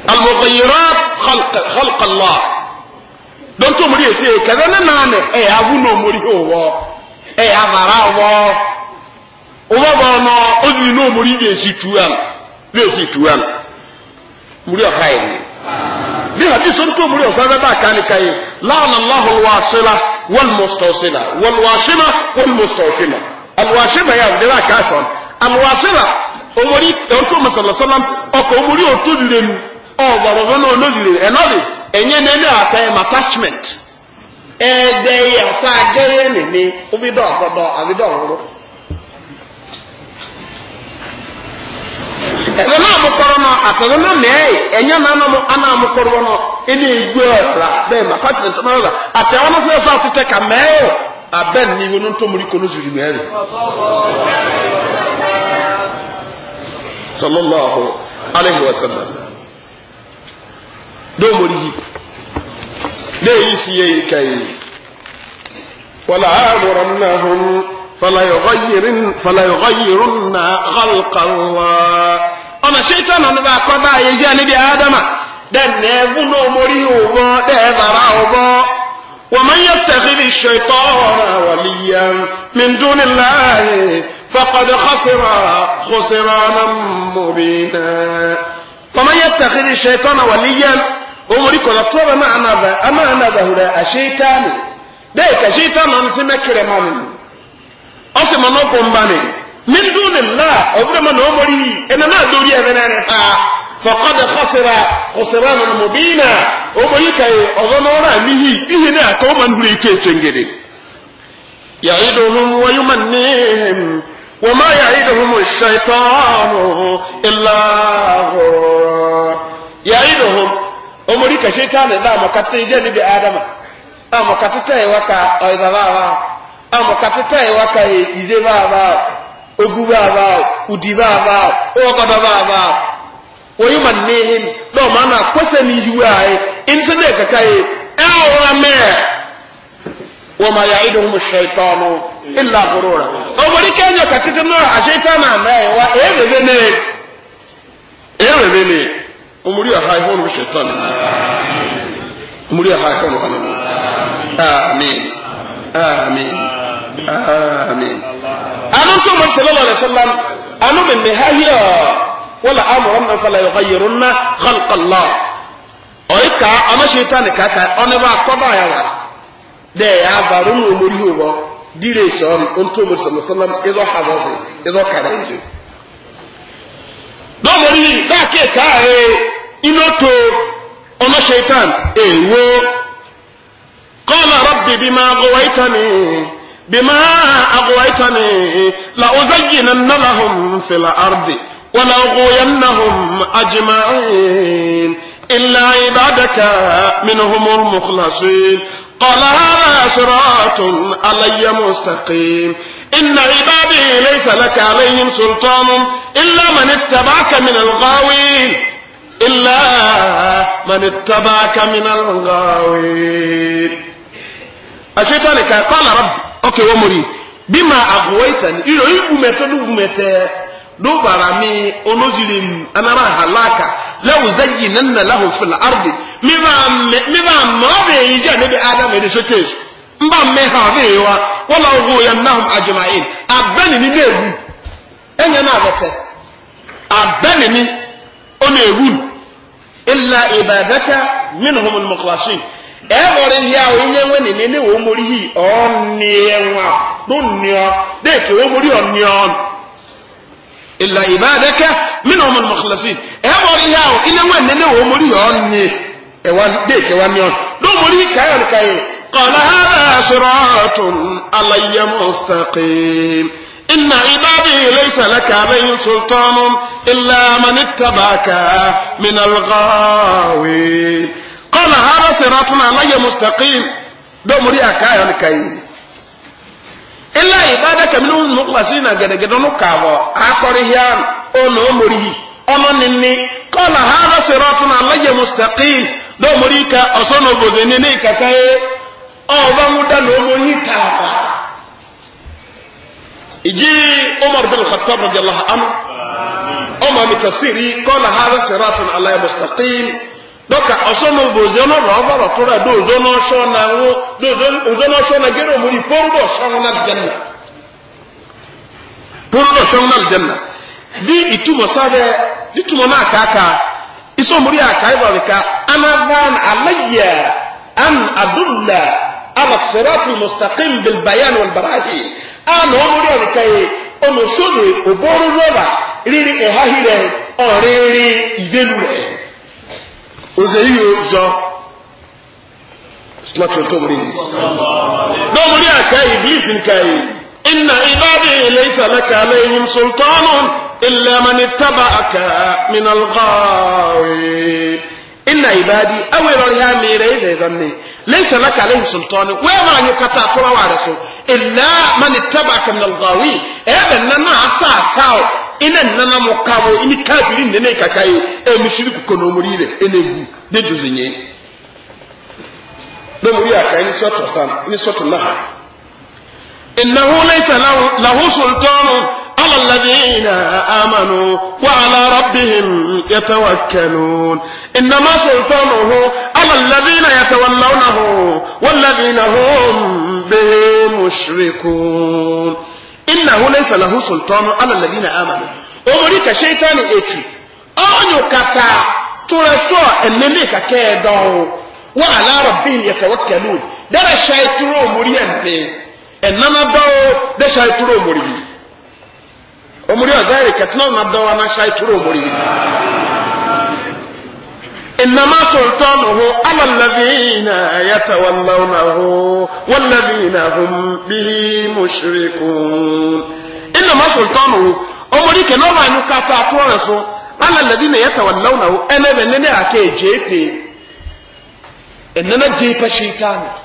almughayirat khalq khalq allah don to muri ese kaza na nane e abuno muri owo e amara wo owo bono odi no muri be si tuan be si tuan muri o khair bi hadith on to muri o sabe ba kan kai la'ana allah alwasila wal mustawsila wal wasila wal mustawsila alwasila ya ndira kason alwasila omori on to sallallahu alaihi wasallam o ko omori o to direnu ọ̀bọ̀rọ̀ fún náà lójúre ẹ̀nọ́dì ẹ̀yẹ́ nẹ́ni àtẹ ẹ̀m attachment ẹ̀ẹ́dẹ́ yẹ ọ̀fà gẹ́rẹ́ nìní obìdọ̀ ọ̀gọ́dọ̀ àbídọ̀ ọ̀rọ̀. ẹ̀rọ náà na-amụkọrọ na àtẹ̀rọ na mee ẹ̀yẹ́ na mú aná na kọ́rọ́ náà ẹni ìgbé ọ̀rà bẹ́ẹ̀ mà attachment na rà àtẹ̀wọ́n náà sẹ́yìn fún àtúntẹ̀ kà mẹ́ẹ̀ abẹ́ ní ìwé ní tó múrí kọ́nú zùrù mẹ́rin. sallallahu alayhi wa sallam. domori yi léyìí sì yẹ ìka yìí wàlá àmúran náà hùn fàlàyọ̀gọ́yìrún náà kọ́lùkọ́lùwà. ọ̀nà ṣètò náà ni bá a kọ́ bá a yẹ jẹ́ níbi àádámà dẹ́nà ẹ̀bù náà mórí òwò dẹ́ẹ̀ bàrà òwò. ومن يتخذ الشيطان وليا من دون الله فقد خسر خسرانا مبينا ومن يتخذ الشيطان وليا omori kɔnɔ tɔɔrɔ na anaba ama anaba hura aseetaani bɛɛ ka seetaani ɔno se mɛkere ma no ɔsɛ ma n'ɔbɔ mba ne nindu ne la ɔbɛrɛ ma na omori ɛna e na adori ɛbɛ na ne paa fɔkɔdɛ kɔsira kɔsira na mo bii na omori ka ye ɔbɛ na ɔra nihi nihi ne akɔ ɔma nuhu ete ete ngede yahiduhum wayuma nehim wama yahiduhum shaitanu omori ka shaitani da makata ije ni bi adama a makata ta yi waka oida ba ba a ta yi waka ije ba ba ogu ba ba udi ba ba ogodo ba ba wayu man nehin do mana kwese ni yiwa ai in sun da kaka yi awa e me wa ma ya'iduhum ash-shaytanu illa ghurura omori kenyo katita no a shaitana mai wa ewebe ne ewebe ne umuri ya hai hono shetani umuri ya hai hono kana amin amin amin anan to man sallallahu alaihi wasallam anu min mehahiya wala amrun fala yughayyirunna khalq allah oika ana shetani kaka ona ba koba ya wa de ya barun umuri huwa dire son onto mo sallallahu alaihi wasallam ido hawazi ido karaisi do mori da ke kae eh, inoto ọmọ shaitan èwo kọ́lá rọ́bì bí máa gọ̀wáìtà ni bí máa agọ̀wáìtà ni làwùzáyì na nàlàhùn fìlà àrdì wọ́n làwùgọ̀yàn nàhùn àjìmáyìn ilà ìbádàkà mìnhùmùr mùkhlasin قال هذا صراط علي مستقيم إن عبادي ليس لك عليهم سلطان إلا من اتبعك من الغاوين إلا من اتبعك من الغاوين الشيطان قال رب أوكي ومري بما أغويتني إلو أنا لو زينن له في الأرض مما يجي نبي آدم wa ọgwụ ya abenini na enye na-abọte abenini ona ewun illa ibadaka minhum almukhlasin e gore ya o nye nwe ni ni wo mori hi oni enwa do ni o de ke wo mori oni o illa ibadaka minhum almukhlasin e gore ya o ile nwe ni ni wo mori oni e wa de ke wa ni o do mori ka yo ka yi qala hada siratun alayya mustaqim إن عبادي ليس لك عليهم سلطان إلا من اتبعك من الغاوين قال هذا صراط علي مستقيم دومري أكايا كاي إلا عبادك منهم المخلصين قد قد نكاو أقريان أو نومري أمنني قال هذا صراط علي مستقيم دومري كأصنو بذنيني كاي أو بمدن أمري تافا. يجي عمر بن الخطاب رضي الله عنه عمر من تفسيري قال هذا صراط على مستقيم دوكا اصلا بوزينا رابر ترى دوزنا شونا دوزنا شونا غير مري بوردو شونا الجنة بوردو شونا الجنة دي اتوما سابه دي توما ناكاكا iso muri akaiba bika anadan alayya an adulla ala sirat almustaqim bil bayan wal barahin àmì ọmọdé ọ̀nìkẹyẹ ọmọṣọ́nù òbóró rọ́bà rírí ẹ̀há hílẹ̀ ọ̀rẹ́rẹ́ ìgbélu rẹ̀ òzè yìí zọ slọ́tù tó mú rí ni. lọ́mọdé àkẹ́ ìbílísì nkẹyẹ iná ìbáde ilé ìsàlẹ̀kẹ́ aláìhìn sultanu ìlẹ́mọ̀ni tábà àkẹ́ mìnàlùkọ́ iná ìbáde awẹ́rọ̀ rí hàmì rẹ̀ ìzẹ̀ ìzànnì laisa laka alaihim sultani wema anyukata tora ware so illa man ittabaka min alghawi ebe nana asa asao ina nana mukawo ini kafiri nene kakai e mushiriku kono murire ene vu de jozenye do muri aka ni soto sam ni soto naha innahu laisa lahu sultanu على الذين آمنوا وعلى ربهم يتوكلون إنما سلطانه على الذين يتولونه والذين هم به مشركون إنه ليس له سلطان على الذين آمنوا أمريكا شيطان إتي أنو كتا ترسوا أنني كيدو وعلى ربهم يتوكلون درى الشيطان مريم بي إنما دو دشيطان مريم omuri ɔzɛri kɛtɛnɛ ɔna dɔwɔ n'ahyɛ turu omuri yi innama sultanuhu ala ladina yatawallawnahu walladina hum bihi mushrikun innama sultanuhu omuri kɛnɛ ɔba inu kata atoɔ rɛ so ala ladina yatawallawnahu ɛnɛ bɛ nene ake jeepe ɛnɛnɛ jeepa shiitani.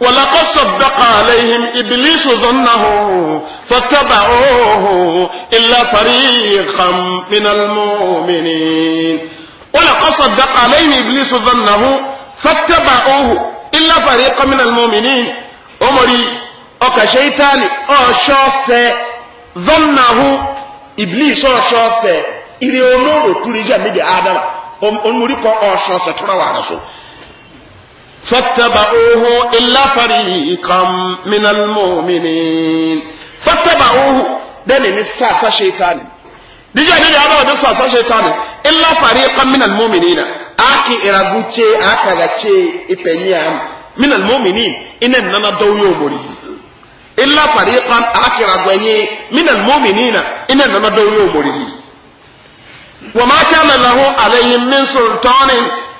ولقد صدق عليهم إبليس ظنه فاتبعوه إلا فريقا من المؤمنين ولقد صدق عليهم إبليس ظنه فاتبعوه إلا فريقا من المؤمنين أمري أكا شيطان أشاس ظنه إبليس أشاس إلي أمور تريجا مدي آدم أمريكا أشاس ترى وعرسو فاتبعوه إلا فريقا من المؤمنين فاتبعوه دني نساسا شيطان ديجا ني دابا دي ساسا شيطان إلا فريقا من المؤمنين أكي إراغوتشي أكاغاتشي إبنيام من المؤمنين إنن نانا دويو موري إلا فريقا أكي إراغواني من المؤمنين إنن نانا دويو موري وما كان له عليهم من سلطان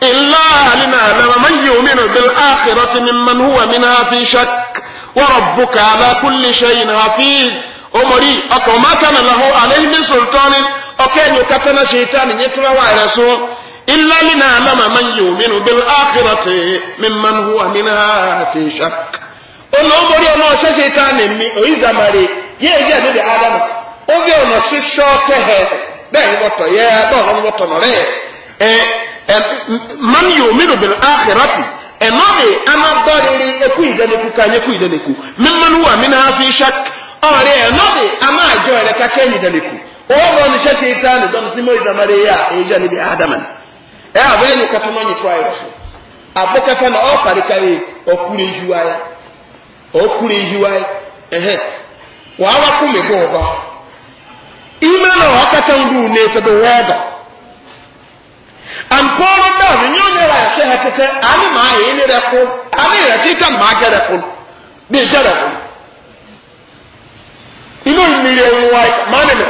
إلا علنا لما من يؤمن بالآخرة ممن هو منها في شك وربك على كل شيء حفيظ أمري أكو ما كان له عليه من سلطان أكين يكتن شيطان يتلوى رسول إلا لنعلم من يؤمن بالآخرة ممن هو منها في شك olóńgbòrí ọmọ ọṣẹ ṣe ta ni mi òyìn zamare yé ẹgbẹ mi lè ádámù ó gé ọ̀nà ṣíṣọ́ kẹhẹ bẹ́ẹ̀ ni wọ́n tọ̀ yẹ bọ́ọ̀ lọ́nà wọ́n tọ̀ nọ̀ rẹ̀ ẹ̀ man yominu bil akhirati ẹnọ́ọ̀lì e e, amadọ́rẹ̀rẹ̀ ekú ìdẹ́nekú ká ẹ̀yẹ́kú ìdẹ́nekú mímánú wà mí fi ṣak ọ̀rẹ́ ẹnọ́ọ̀lì amáàjọ rẹ̀ ka ẹ̀yìn ìdẹ́nekú ọ̀rọ̀ ní ṣẹ́ṣẹ́ ìta ní dọ́nà símọ́ ìdàmàlẹ̀ yà èyí ẹni bí ádámà ẹ̀ àbẹ́ ẹni kẹfẹ́ mọ́nyì trial so àbọ̀kẹfẹ́ na ọ̀ pàríkàrí ọkùnrin ihiwáyà ampɔɔno da nyɛ ɔnyɛ wa yɛhyɛ hɛ tɛtɛ ani maa yɛ ne rɛ ko ani yɛ ti ka maa gɛrɛ ko bi gɛrɛ ko inú mmiri ewu wa maa nínú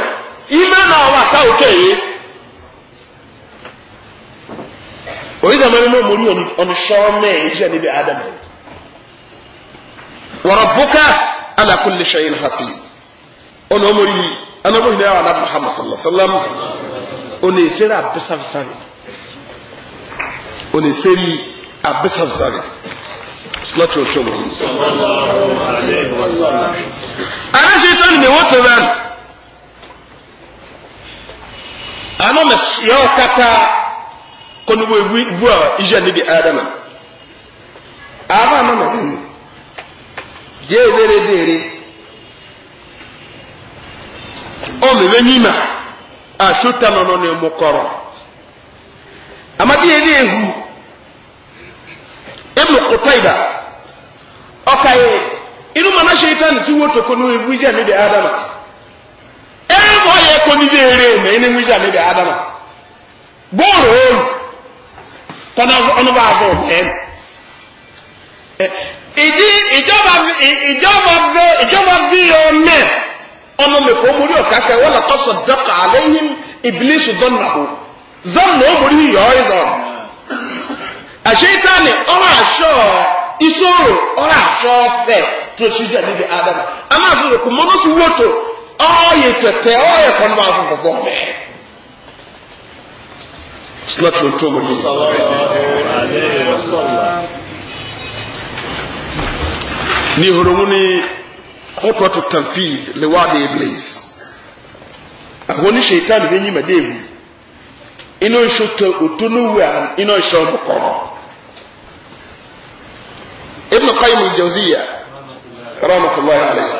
ime na ɔwɔ ata òkè yìí oyi dama ni mo mori ɔnisɔn mɛ eji ani bi adama yi wɔrɔ buka ala kulli shayin hafi ɔnà ɔmori yi anamu hinɛ wa anamu muhammad sallallahu alaihi wa sallam ɔnà esere abisabisabi oni seri abisabsabi silatu otomo. ara ṣe tán ni wọ́n tó rán ana mɛ yɔ kata kɔni wo ewu ewu a iye ne bi adama ava ana mɛ hɛn yɛ ewere deere ɔmɛ bɛ nyima a so ta nɔnɔ ne mu kɔrɔ. amadi yɛ ehu ebi kutaiba ɔkaye inu mana shaitan n'isi wo toko no ewu gya ne de adama ɛbɔ yɛ kɔ ni de ere mɛ ɛna ewu gya ne de adama bóòrò òòlù kọ́nà dị àbọ̀ mẹ́m. ìdí ìjọba ìjọba bẹ ìjọba bí ọmọ mi kò kẹ lọ them. zɔn na omori yɔ izɔn aseetani ɔra asɔ isoro ɔra asɔ fɛ tó si dɛ níbi adama ama sɔ kò mɔno si woto ɔyɛ tɛtɛ ɔyɛ kɔnɔba afɔkɔfɔ mɛ sinatu o tó mo yi. ni horomu ni kɔtɔ tó tanfi lewa de iblis àwọn oníṣe ìtàn ìbẹ́yìn mẹ́dẹ́ẹ̀mù. ino nshoto otonuwa ino nshoto koro ibn qayyim al-jawziya rahmatullahi alayhi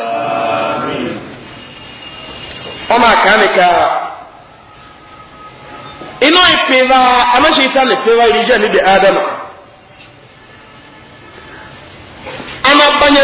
ona kanika ino ipeva ama shaitani peva ilija ni bi adam ama banya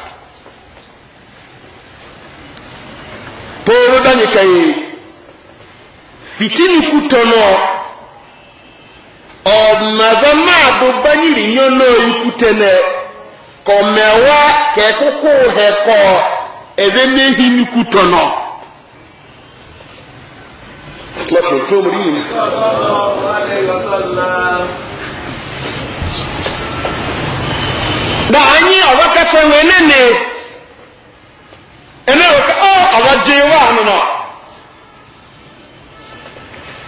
pooro dani kai fitini kutono ọmọdéma abubanyiri yọnà ikutene kọmẹwa kẹkọkọ hẹkọ ẹbẹ n'ehi nikutono. Dàá nyi ọ̀rọ̀ kẹtọ̀ wẹ̀ nẹ́nẹ́. ɛnna yɛ ɔka ɔɔ oh, awagye wa ano no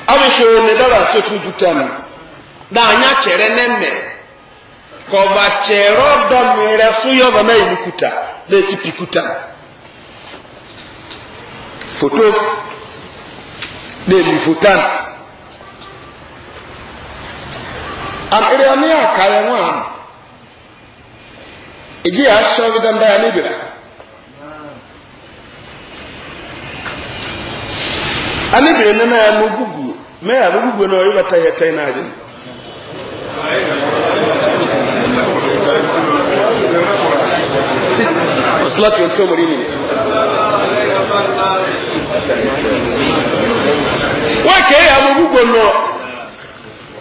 abɛhyɛ ne dada ase kukuta no na anya kyerɛ ne mɛ kɔba kyerɛ ɔdɔmmerɛ so yɛ ɔba na yɛ kuta na esi pi kuta foto na emi fotan akere ɔne akaeɛ ho ano egyi ahyɛ ɔbi ya ne bira. ani bere nana ya no gugu me ya gugu na oyi bata ya na ajin Oslat yon to morini wa ke ya mo gugu no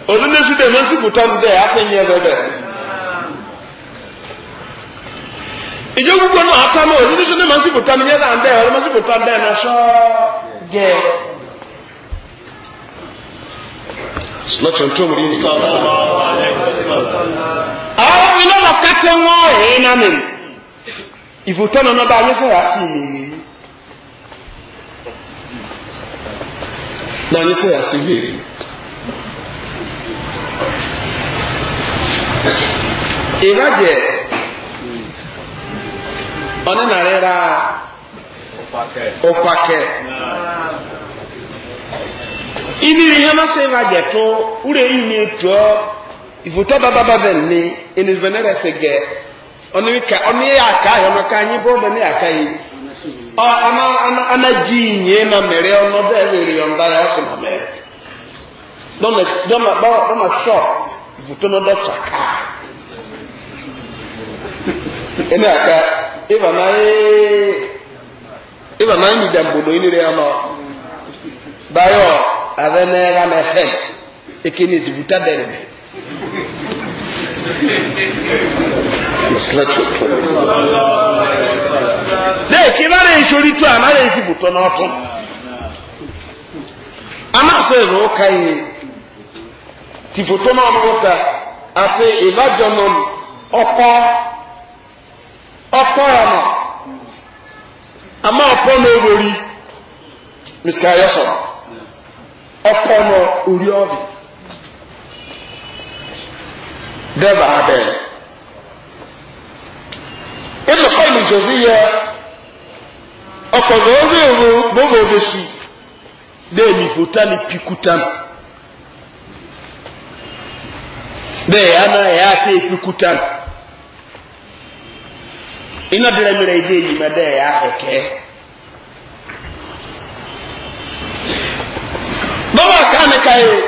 onu ne su de na su butam de asenye bebe ìjọ gbogbo lọ́tọ̀ tó mú rí ní. àwọn iná lọ kápẹ́ wọn rèé náà mi ìfòtọ́nà náà bá yẹ sẹ́yà sí mi mi. náà yẹ sẹ́yà sí wèrè. ìrájẹ ọ̀nà nàrẹ́ra ọ̀pàkẹ́. ibiri hama seva jeto ure ime to ifuto bababa venne enizvenere sege onika oni aka ya no kanyi bobe ni aka yi ana ana na mere ọnọdụ eze rịọ ndara ya na mere dona dona dona shop ifuto ka ene aka na e abe ne ya me hem ekini zivuta derbe de kibara ishori tu amara ezibuto n'ọtụ amasị ịrụ ụka ihe tìfòtó náà ń wọ́ta àti ìbájọ́nà ọ̀pọ̀ ọ̀pọ̀ ọ̀nà àmọ́ ọ̀pọ̀ náà wọ̀rí mr ayọ́sọ̀rọ̀. ọpọlọ orí ọbì dẹ́bà abẹ́rẹ́ inú kọ́ọ̀lù jòzí yẹ ọpọlọ orí òru gbogbo oṣù dẹ́ẹ̀mì fòtánì pikutan bẹ́ẹ̀ ana ẹ̀ àti pikutan iná dẹ́rẹ́mìrẹ́ ìdí èyí mẹ́dẹ́ ẹ̀ ahẹ́kẹ́. bọ́wọ́ àkànnìkà yìí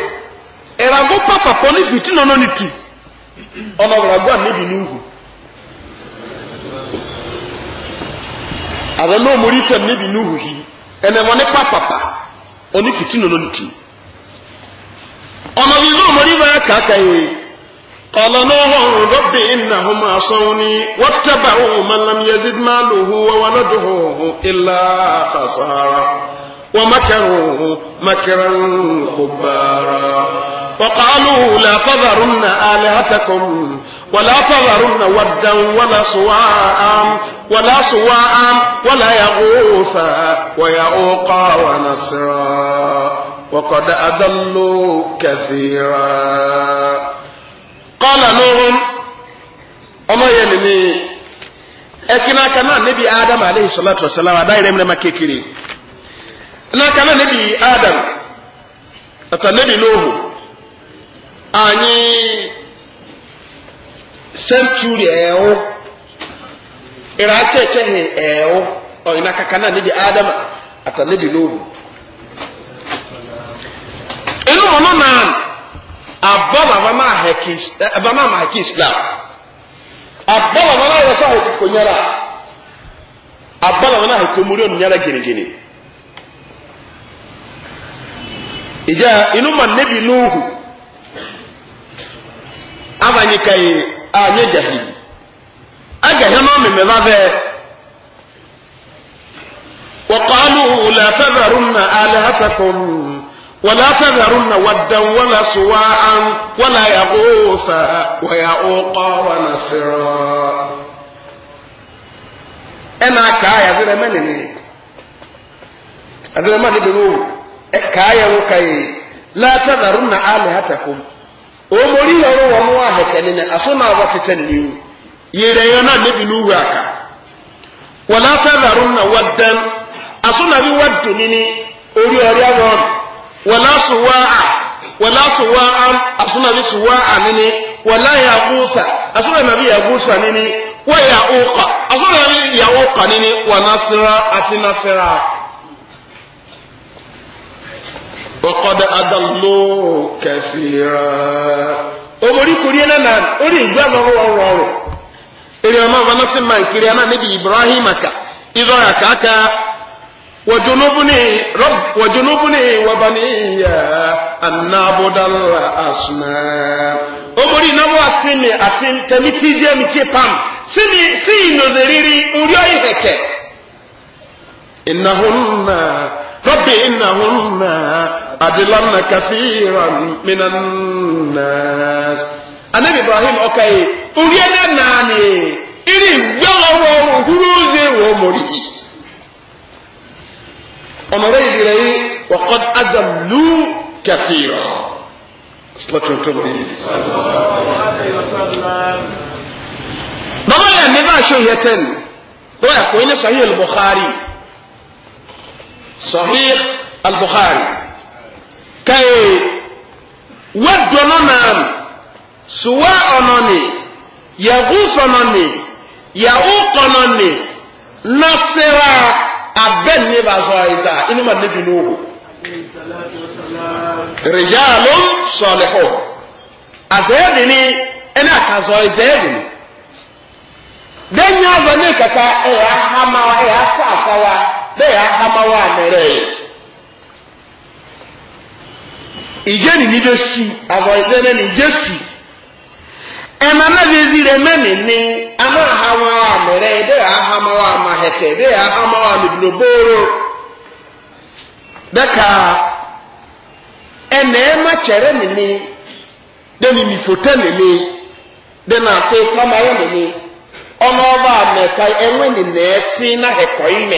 ìràgó pápákọ̀ ní fìtínà náà ní tù ọmọ ìràgó àníbi ní ìhù àwọn náà mórí tẹ̀ níbi ní ìhù yìí ẹnẹ wọn ní pápákọ̀ oní fìtínà náà ní tù ọmọ yìí náà mórí ومكروه مكرا كبارا وقالوا لا تذرن آلهتكم ولا تذرن وردا ولا سواء ولا سواء ولا يغوث ويعوق ونسرا وقد أضلوا كثيرا قال نوح أما yẹn nìyí ẹkìnnà نبي آدم عليه الصلاة والسلام salatu wa salam adáyẹrẹ n'aka na nebi adam ata nebi n'ohu anyị senturi ẹ̀ẹ́wọ́ ìrà chẹ́chẹ́hì ẹ̀ẹ́wọ́ ọ̀yìn akaka na nebi adam ata nebi n'ohu inú ọ̀nà náà abọ́lá abamá ahẹ́kì islam abọ́lá abamá ahẹ́kì kò nyara abọ́lá abamá ahẹ́kì omúrí ònìyàrá gírígírí. ìjà inú mà níbi lóhù amanyikayi anyé jahi agahẹ náà mímẹ bá bẹ وقالوا لا تذرن آلهتكم ولا تذرن ودا ولا سواعا ولا يغوث ويعوق ونسرا أنا كاي أذرمني أذرمني بنور kaayɛ wo kae laata naru na ale hata kom omori yɛro wɔn a hɛkɛne ne aso na wɔtete ne niu yɛrɛ yɛ na ne bi no wu aka wɔlaata naru na wadan aso na bi wadu nini ori ɔri awɔn wɔla so wa a wɔla so wa a aso na bi so wa a nini wɔla yɛ agusa aso na bi yɛ agusa nini wɔyɛ ɔka aso na bi yɛ ɔka nini wɔnasira ati nasira. وقد أضلوا كثيرا أمري كورينا نان أولي إجوانا رو رو رو إلي أما فنسي ما إكريانا نبي إبراهيم كا إذا يكاكا وجنوبني رب وجنوبني وبني أن نعبد الأصنام أمري نبو أسمي أتم تمتي جامي كي بام سمي سي نذريري أولي أيهكي إنهن رب إنهن أدلن كثيرا من الناس أنا إبراهيم أوكي أولينا ناني إلي يلوى هروزي ومري أمري إليه وقد أذلوا كثيرا صلاة تبري بابا يا نبا شهيتين ويقول صحيح البخاري sahih al-bukhari kai wadono nam suwa ononi yagus ononi yauk ononi nasira abẹn ní bá sọ ayisa inú ma níbi n'ogo rijalun sọlẹhọ azẹẹdini ẹni àkàzọ ẹzẹẹdini dẹnyẹ azọ ní kẹkẹ ẹ yà hama wa ẹ yà sàásà wa. bẹ́ẹ̀ ahamawa amẹ́rẹ́ yìí ìjẹ́ni ní jésù àbọ̀ ìjẹ́ni ní jésù ẹ̀ma mẹ́lẹ́sì rẹ̀ mẹ́ni ní ama ahamawa amẹ́rẹ́ yìí bẹ́ẹ̀ ahamawa amahẹ̀kẹ́ bẹ́ẹ̀ ahamawa amẹ́dùnúbóró dẹ́ka ẹ̀nà ẹ̀ma kyẹ̀rẹ́ nìní dẹ́ni mìfòtẹ́ nìní dẹ́nà àṣẹ kọ́mayẹ́ nìní ọmọ ọba amẹ́ka ẹ̀wẹ́ nìní náà ẹ̀kọ́ yìí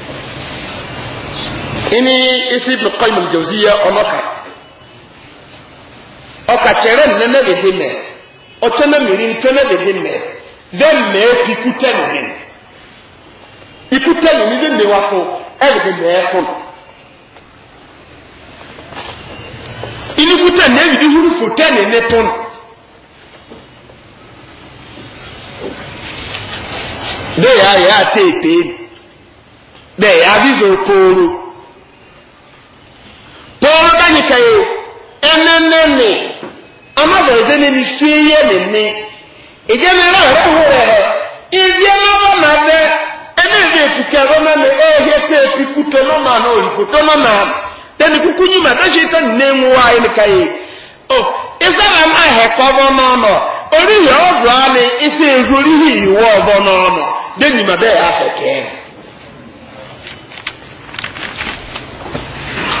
ini isi ibn qayyim al-jawziya onoka oka tere nene de dime o tene miri tene de dime then me ikute ni ikute ni de me wato e de me fun ini kute ne bi huru fo tene ne ton de ya ya tepe de ya bizo poro tọ́wọ́ dányìí ya ẹnẹ́nẹ́nì amábọ̀ ẹ̀dẹ́ níbi sú iye nìní ìjẹ́ ní rẹ̀ rẹ̀ hù rẹ̀ hẹ̀ ìdí ẹlọ́wọ́ náà bẹ ẹni ìdí na ẹ̀rọ na ní ẹ̀hẹ́ tẹ́ ẹ̀fí kútó náà náà òrìfò tó náà náà tẹ́ni ọ ìsára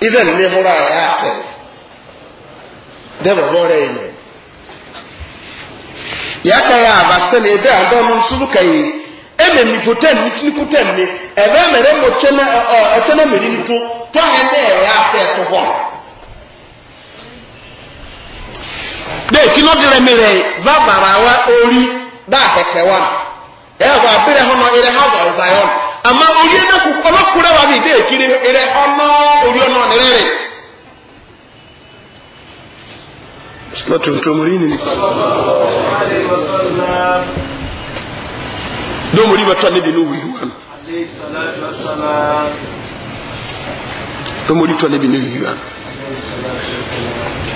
ife nne hụrụ anyị atịrị debọrọ ọrịa ime ya ka ya abasị na ebe adọ nụ nsụrụ ka yi eme mifote nnikwute nne ebe mere mmoche na ọtọ e, na e, e mmiri ntụ tọ ha na-eya afọ eto hụ deki nọdịrị mmiri vabara wa ori da hekewa ya bụ abịrị hụ na ire ha bụ zayọn ama orí ẹ̀dá kò ọlọ́kùnrin wa bíi bẹ́ẹ̀ kiri rẹ ọ̀nà orí ọ̀nà rẹ rẹ. lọ́tọ̀ tó mọ̀ yín nìyí. dóòmù rí bàtà níbi ní òwúrọ̀ wa. dóòmù rí tọ́ níbi ní òwúrọ̀ wa.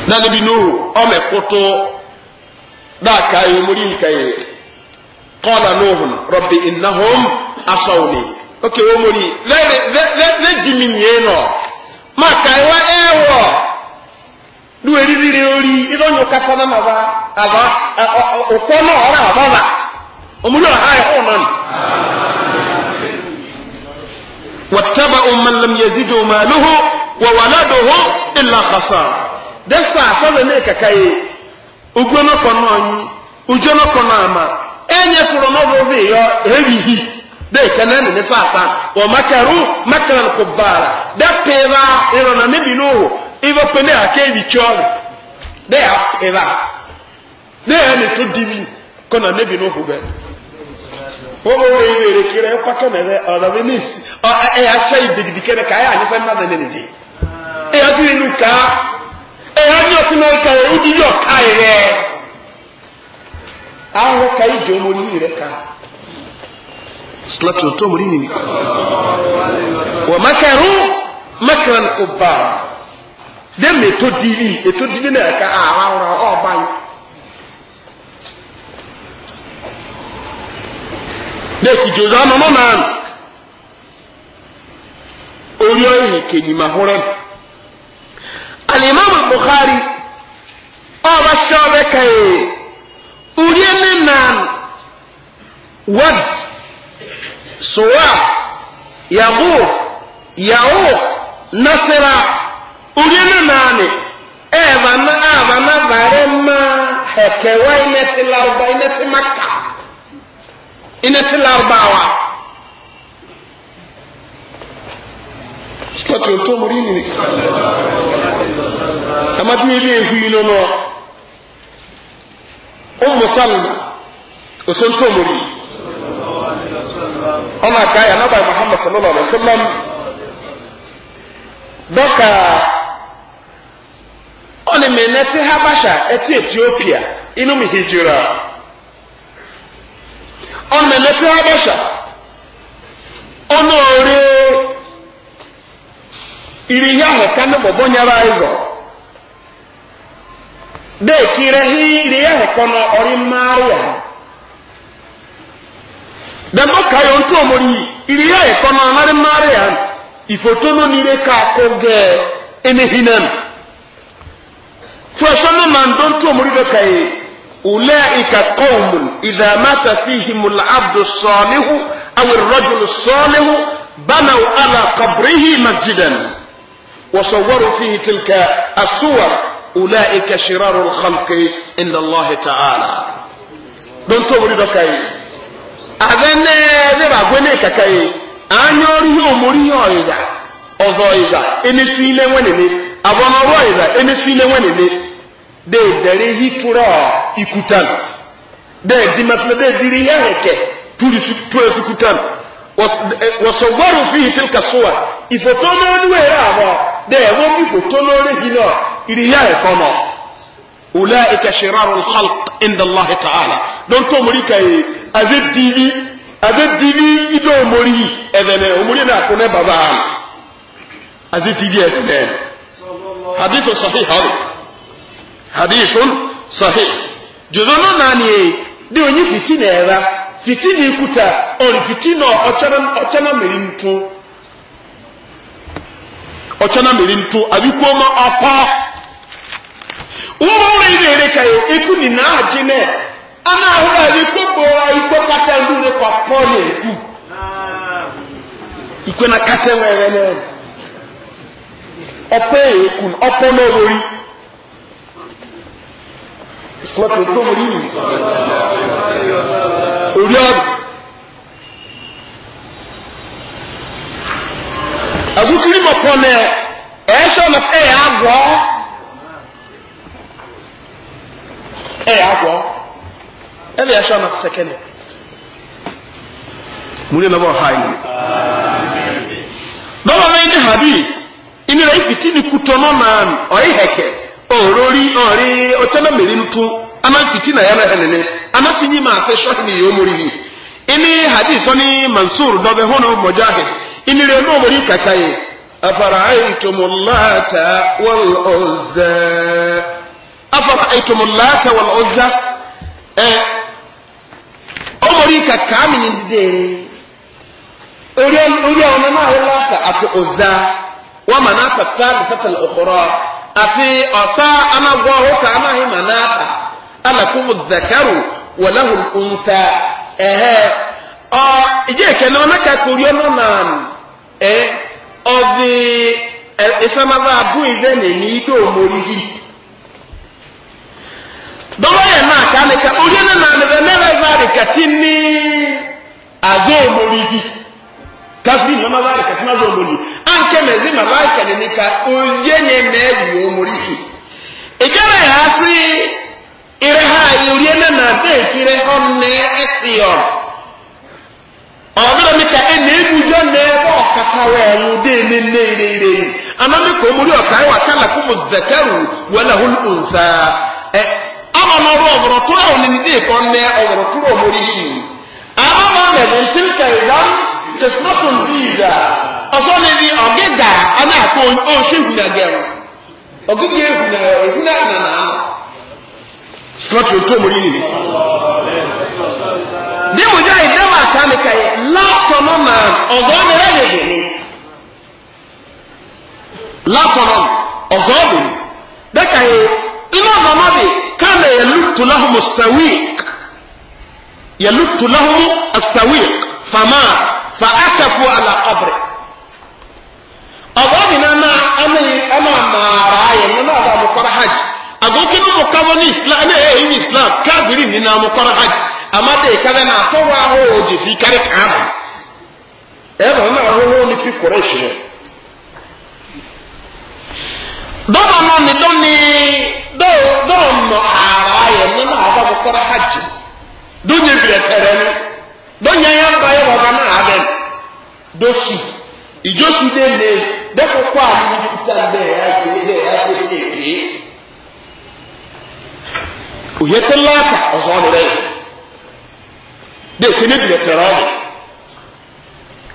náà níbi ní ọmọ ẹ̀kọ́tọ́ dáa káyọ̀ mọ̀ rí yìí kọ́ọ̀dà nóòhùn rọ̀bì ìnáhùn asọ̀wọ̀nì oke e wo e mori lẹ́dìmí yẹn nọ máa ka ẹwà ẹwọ lu eriri rẹ orí ìdọ́nyọ kata náà bá àbá òkú náà ọ̀rọ̀ àbá bá òmùdí ọ̀há ẹ̀họ́ náà ni. wàtábà ọmọlẹ́m lam yazidu màlúhù wàwàládùhù ìlà kàṣà dẹ́fà sọ́dọ̀ ní kàkà yìí ogbónà kan náà yìí ojónà kan náà mà ẹ̀yẹ fúrọ̀ náà bọ̀ fẹ́ yọ ẹ̀rí yìí dai kanan ne fasa wa makaru makaran kubbara da peva ero na nebi no ivo pene ake bi chon dai a peva dai ne to divi kona nebi no hube o o re e, re kire pa kana re ala venisi o e a shai bigidi kene kaya ani sai ma ne ji e a bi nu ka e a ni o no ka e u di yo ka ire e awo kai jo mo ni re ka sílẹ̀tì tó mú rí nìyí wọ́n mẹ́kẹ̀rú mẹ́kẹ̀rán kò bá a dẹ́mi ètò dìbì ètò dìbì náà ẹ̀ka àràwọ̀rà ọ̀ọ́bá yìí dẹ́kì jòzó amọ́mọ́ náà orí ọ̀yìn kènyìmá hóró alimami buhari ọba sọ́ọ́bẹ̀ kẹ́yẹ orí ẹni náà wọ́dì sowa yabu yawo nasira urinu naani ɛɛba na aba na bare ma hɛkɛwa inɛti laruba inɛti maka inɛti larubawa sikɔti o tó mori nini amadu mi bi ehu yi nono o oh, musalima o so tó mori. Ọ na àkáyà ya báyìí muhammad sallallahu alayhi wa sallam dọ́kà ọ̀nìmẹ̀nẹ́ ti habasha ẹtí ethiopia inú mi hijira ọ̀nìmẹ̀nẹ́ ti habasha ọ̀nà òrè ìrìhí ahọ̀ká ní bọ̀bọ̀ nyara ẹ̀zọ̀ dẹ́ẹ̀kì rẹ̀ hí ìrìhí ahọ̀kọ́ náà ọ̀rí mmaria. dẹ̀mọ́ kayọ̀ ntú omori ìrìyà ẹ̀kọ́ náà mari mari à ìfòtó náà nílé káàkó gẹ̀ ẹnìhìnàm fúrẹ́sọ́ náà máa ń dó ntú omori dẹ̀ kayé ulẹ̀ ìka kọ́ọ̀mùn ìdàmátà fíhìmùl abdul sọ́ọ́lihu àwọn rọ́jùl sọ́ọ́lihu bánà àlà kọ̀bìrìhì masjidan wọ́sọ̀wọ́rù fíhì tìlkà àsúwà ulẹ̀ ìka ṣirarul xalqi ìndàlọ́hì ta'ala dó ntú omori dẹ̀ kayé abene ne bagwene kakaye anyori yo mori yo iza ozo iza ene suile wenene abono ro iza ene suile wenene de dere hitura ikutan de di matna de diri ya heke tuli su tuli su kutan wasawaru eh, fihi tilka suwa ifotono nwe abo de wo mi fotono re hino iri ya ekono ulaika shirarul khalq inda allah ta'ala don to muri azedili azedili ido omori ɛdɛnɛ omori na ko ne baba azedili ɛdɛnɛ hadithu sahih hali hadithu sahih jozono nani de onye fiti na ɛra fiti na ekuta ɔri fiti na ɔkyɛnɛ ɔkyɛnɛ meri ntu ɔkyɛnɛ meri ntu abikuo ma ɔpɔ wɔn wɔn yi de ere ka yi eku ni na agye nɛ. ana ahụrụ anyị kwekporo ikwe kacha ndị nekwa pọl ekwu ikwe na kacha nwere n'elu ọpọ ekwu ọpọ n'orori ìsìlọ́tò tó mú yìí orí ọ̀dọ̀ na ẹ̀ agwọ ẹ̀ agwọ. ebe yasha na tutekene mure na bon hayi habi ini ra ifiti ni na ori heke ori otana meri ntu ana fiti na yana henene ama sinyi ma se shot ni yo muri ini hadith oni mansur dobe hono mujahid ini re no muri kakaye أفرأيتم اللات والعزى أفرأيتم اللات والعزى kàkà mi ní dídé orí ọmọ náà yẹ láta àti ọ̀zá wọn mà náà pàtà pàtàlì ọ̀kọ̀rọ̀ àti ọ̀sá anágbọ́ ọ̀hókà anáhìn mà náà ta alákùnrin dàkàrò wọ̀lẹ́hùn ọ̀ntà ẹ̀hẹ́ ọ ìjẹ́ ìkẹ́ni ọ̀nà kàkà orí ọmọ náà ẹ̀ ọ̀dì ìfẹ́mọ́bà abúlé nìyí tó mórí yìí. dɔbɔ yɛ naa kaa ne ka oye ne naa ne bɛ ne bɛ zaa de kati ni azo omori bi kafiri mama zaa de anke na ma zaa kɛ ne ne ka oye ne na ewu omori bi ìjọba ha ìrẹ na ebu jɔ ne wɛ de ne ne ire ire yi anamí kò omori ɔkà yɛ wà ama ma ro ɔbɔrɔ toro a ɔnene de kɔ nɛ ɔbɔrɔ toro a ama ma mɛ de ntiri ka ɛdam tɛsinafon biiza ɔsɔ ne bi ɔgega ana akɔ ɔnhyɛ huna gɛm ɔgega ehuna ehuna nana tɛsinafon to ɔmɔri yi ne mo gya ɛdam aka ne ka yɛ laatɔ no na ɔzɔ ne yɛ de de ne laatɔ no ɔzɔ de ne dɛ ka yɛ yeltlasawann e islam kanr aamadk hụ dɔba nɔ ni dɔni ara yɛ na ɔba bɔ kɔrɔ hajj do nye bi ɛtɛrɛ ni do ya ba yɛ wɔba na abɛ do su idzo su de ne de ko kɔ ayi ya gbɛ ya gbɛ ti gbɛ o yɛ tɛ laata ɔzɔn rɛ de ko ne bi ɛtɛrɛ ɔbɛ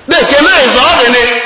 de ko ne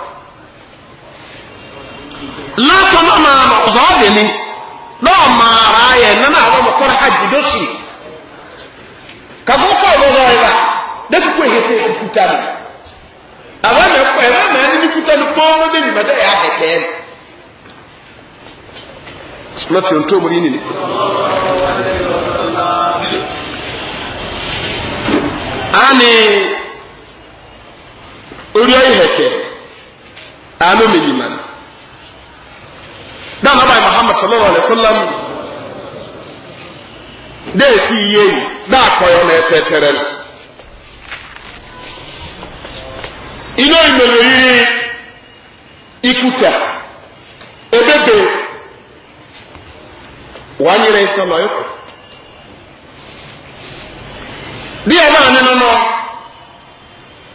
látọ̀ náà máa mọ̀ ọ̀zọ́ ọ̀bìnrin náà máa ra ayẹ̀ nínú àwọn ọmọkùnrin àjùdọ́sì kàfọ́fọ́ ọ̀rọ̀ ẹ̀rà dẹ́kùkù èyẹ́fẹ́ òkúta rẹ̀ àwọn ẹ̀rọ mẹ́rin ní kúta orí dan na bai muhammad sallallahu alaihi wasallam da si iye yi da akɔyɔ na ɛfɛ tɛrɛ no ino imelo yiri ikuta ebebe wanyere nsa na ɔyɔkɔ bí ɛ náà nínú nọ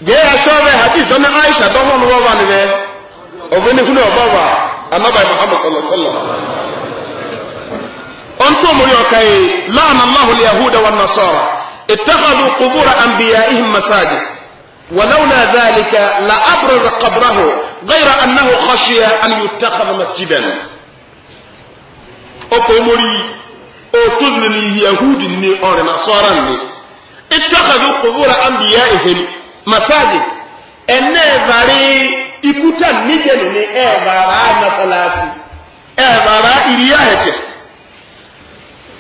jẹ́ aṣọ́ rẹ̀ hadith ọ̀nà aisha dọ́gbọ́n ló wà wà níbẹ̀ ọ̀gbẹ́ni kúlẹ̀ ọ̀bá wà. النبي محمد صلى الله عليه وسلم انتم يوكاي لعن الله اليهود والنصارى اتخذوا قبور انبيائهم مساجد ولولا ذلك لابرز قبره غير انه خشي ان يتخذ مسجدا اوكي موري اوتوزن اليهود ني اور نصارى اتخذوا قبور انبيائهم مساجد ان ذلك ikuta nijẹnu ni ẹ bàrà masalasi ẹ bàrà ìrìyà ẹkẹ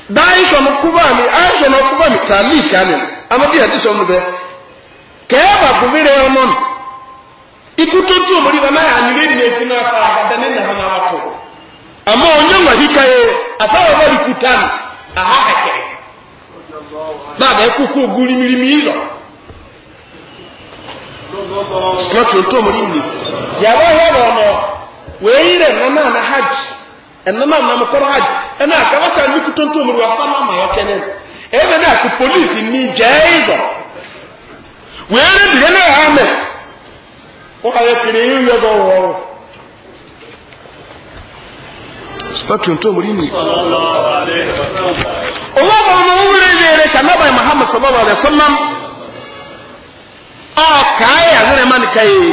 da aisha no kuba mi aisha no kuba mi tali kanin amadi ati sọ nubẹ kẹẹba kubire ọmọ mi ikutu tu omori bẹ náà anyi lẹni eti náà fa abada ne nàá náà wàtò àmọ onye nwa hika yẹ àtàwọn ọmọ ikuta mi aha ẹkẹ báàbà ẹkọọkọ ogun rimirimi yìí lọ. Sọ́kọ́ bọ̀ Sọ́kọ́ tó ń tó omori mi yàrá yà wọ̀ nọ wèé yi rẹ̀ nọ náà na hajj ẹ̀nọ náà nà mo kọ́rọ̀ hajj ẹ̀nà àkàwọ́sà ní kú tóntó mu wà sánà mà yọ kẹ́nẹ́ ẹ̀yẹ́ náà kú polisi ní jẹ́ẹ́zọ̀ wèé rẹ̀ dìgẹ́ náà hà mẹ́ wọ́n kà yẹ kiri yín yẹ bọ̀ wọ̀ ọ́ sọ́tù tó mú rí ní ọlọ́wọ́ ọmọ orí rere kanáàbà muhammad sallallahu alaihi wasallam ọ̀kà ayà rẹ̀ mọ́ nìkan yìí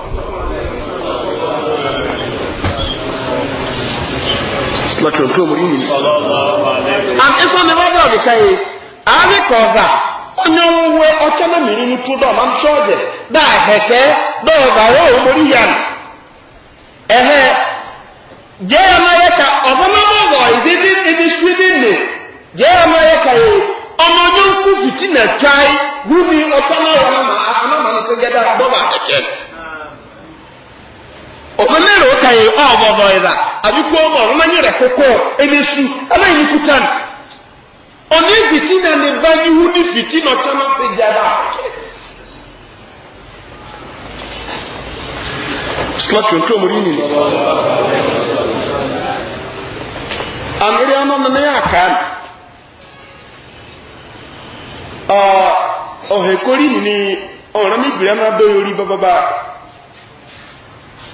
láti ọ̀tún ọmọ yìí. and ẹsọ ni wọn bá nìkan onye onwe ọcha na mmiri n'utu dọọ ma dị daa heke dọọ gara ọ mori ya ehe jee ya n'ọrụ ka ọbụna ọgbọ izizi ibi swidi nne jee ya ka ọmọ onye nkwu na etwa gumi ọcha na ma na gada omemere okaye ọbọbọịra abikwa ọbọrọ manyere koko enesu anaghị nkwutan ọna fitina na ịba ihu ni fitina ọchọna si jada slọtụ ntụ omori ni anụrị ya ni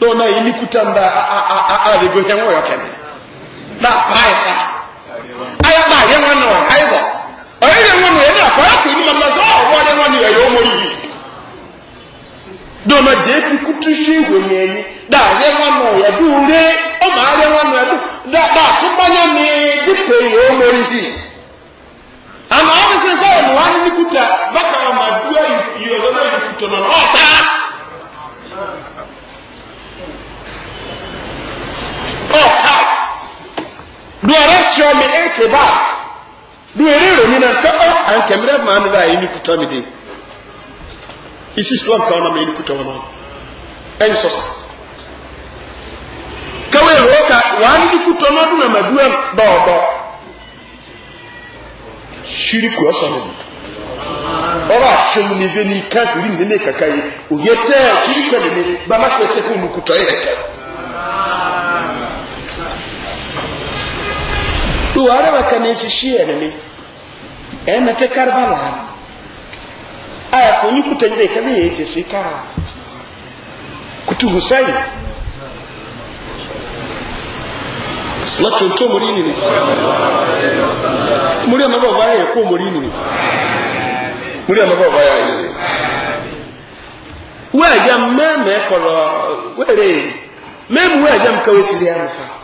dona ili kutanda aligo hengo yokene na paisa aya ba yengo no aibo oile ngono yene akora ku ni mama zo wale ngoni ya yomo yi dona de ku kutushi wenyenyi da yengo no ya dure o ma ale ngono ya da da subanya ni dipe yomo yi ama ani se se kuta baka ma dua yi yo lo ni kutono do ɛrɛkyerɛ me ɛnke ba do ɛrɛrɛ mi na nka ɔ ankɛmrɛ maa mi ba a yɛn kuta mi de isi islam kan na ma yɛn kuta wɔn ɛn sɔsɔ kawo yɛ wɔ ka wɔn ani kuta wɔn do na ma duam bɔɔbɔ siri kɔ sɔmi ɔba asom ne ve ni kankiri ne ne kaka yi oyɛ tɛ siri kɔ ne ne ba ma fɛ sɛ ko mu kuta yɛ kɛ. duwara bakanesishia nini ena te karbala aya kunyi kutende kabi yake sika kutu husaini lati otu omurini ni muri amababa yayo ku omurini ni muri amababa yayo weja mmeme kọrọ were memu weja mkawesiri amufa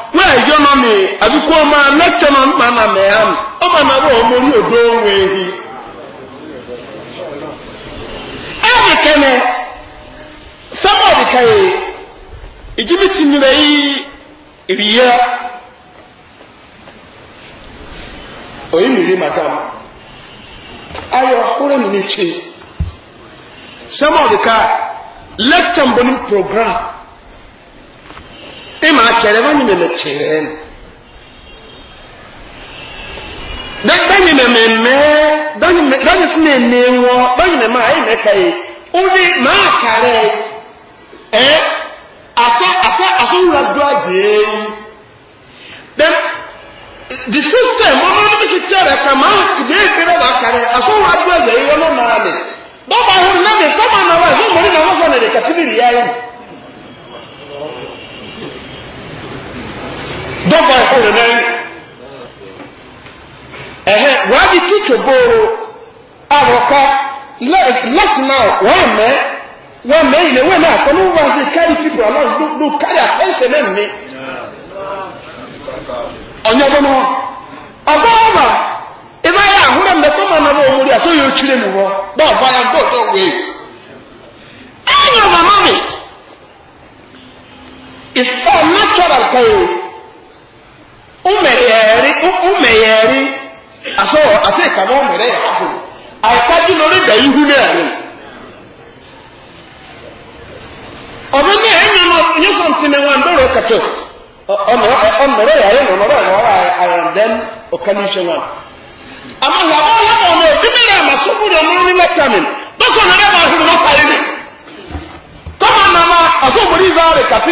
náà ìjọ nọ ní àdúgbò ọmọ na nọ nípa nà mẹ́hàn ọmọ náà bọ̀ ọmọ orí ohun èyí. ẹ̀rì kẹ́nẹ̀ sábà ọ̀dìkà yìí ìjìbí ti mìíràn yìí ìrìyà òyì mìíràn màkà program. ịma chere banyere meme chere banye meme me banye si na ene nwụọ banye meme a eme ka ye ma akara ee afọ afọ afọ nwụrụ dụọ dị ewu the system ọmọ ọdún bíi chere ka ma na wa ẹsọ mọrin na wọn fọ dọ́gba ìhòòrò náà ẹ̀hẹ́ wàá di tútù bóoru àròkọ láti náà wọ́n mẹ́ wọ́n mẹ́ ilẹ̀ wọ́n náà kọ́ ló wá sí carry people do carry attention náà mi. ọ̀nyẹ́gbọ́n náà ma ọ̀nà ìbá yà àhúrà mẹ́fọ́ máa nàbọ̀ òun rí aso òkìlẹ̀ mi wọ́ bọ́ọ̀ bá yà gbọ́ ọ̀dọ́ wẹ̀. ẹ̀yọ̀ màmá mi is all natural kan umeyeri umeyẹri asọ asọ ìkàwé ọmọdé yà wá fún àìkájú lórí ihu náà ni ọdún ní ẹyìn náà yín sọ ntìmẹ wọn ndọrọ kẹtọ ọmọdé ya yín ọmọdé yà àmọ ọmọ sọ ní fàyè kọ́mọ ìzáàrè kàtí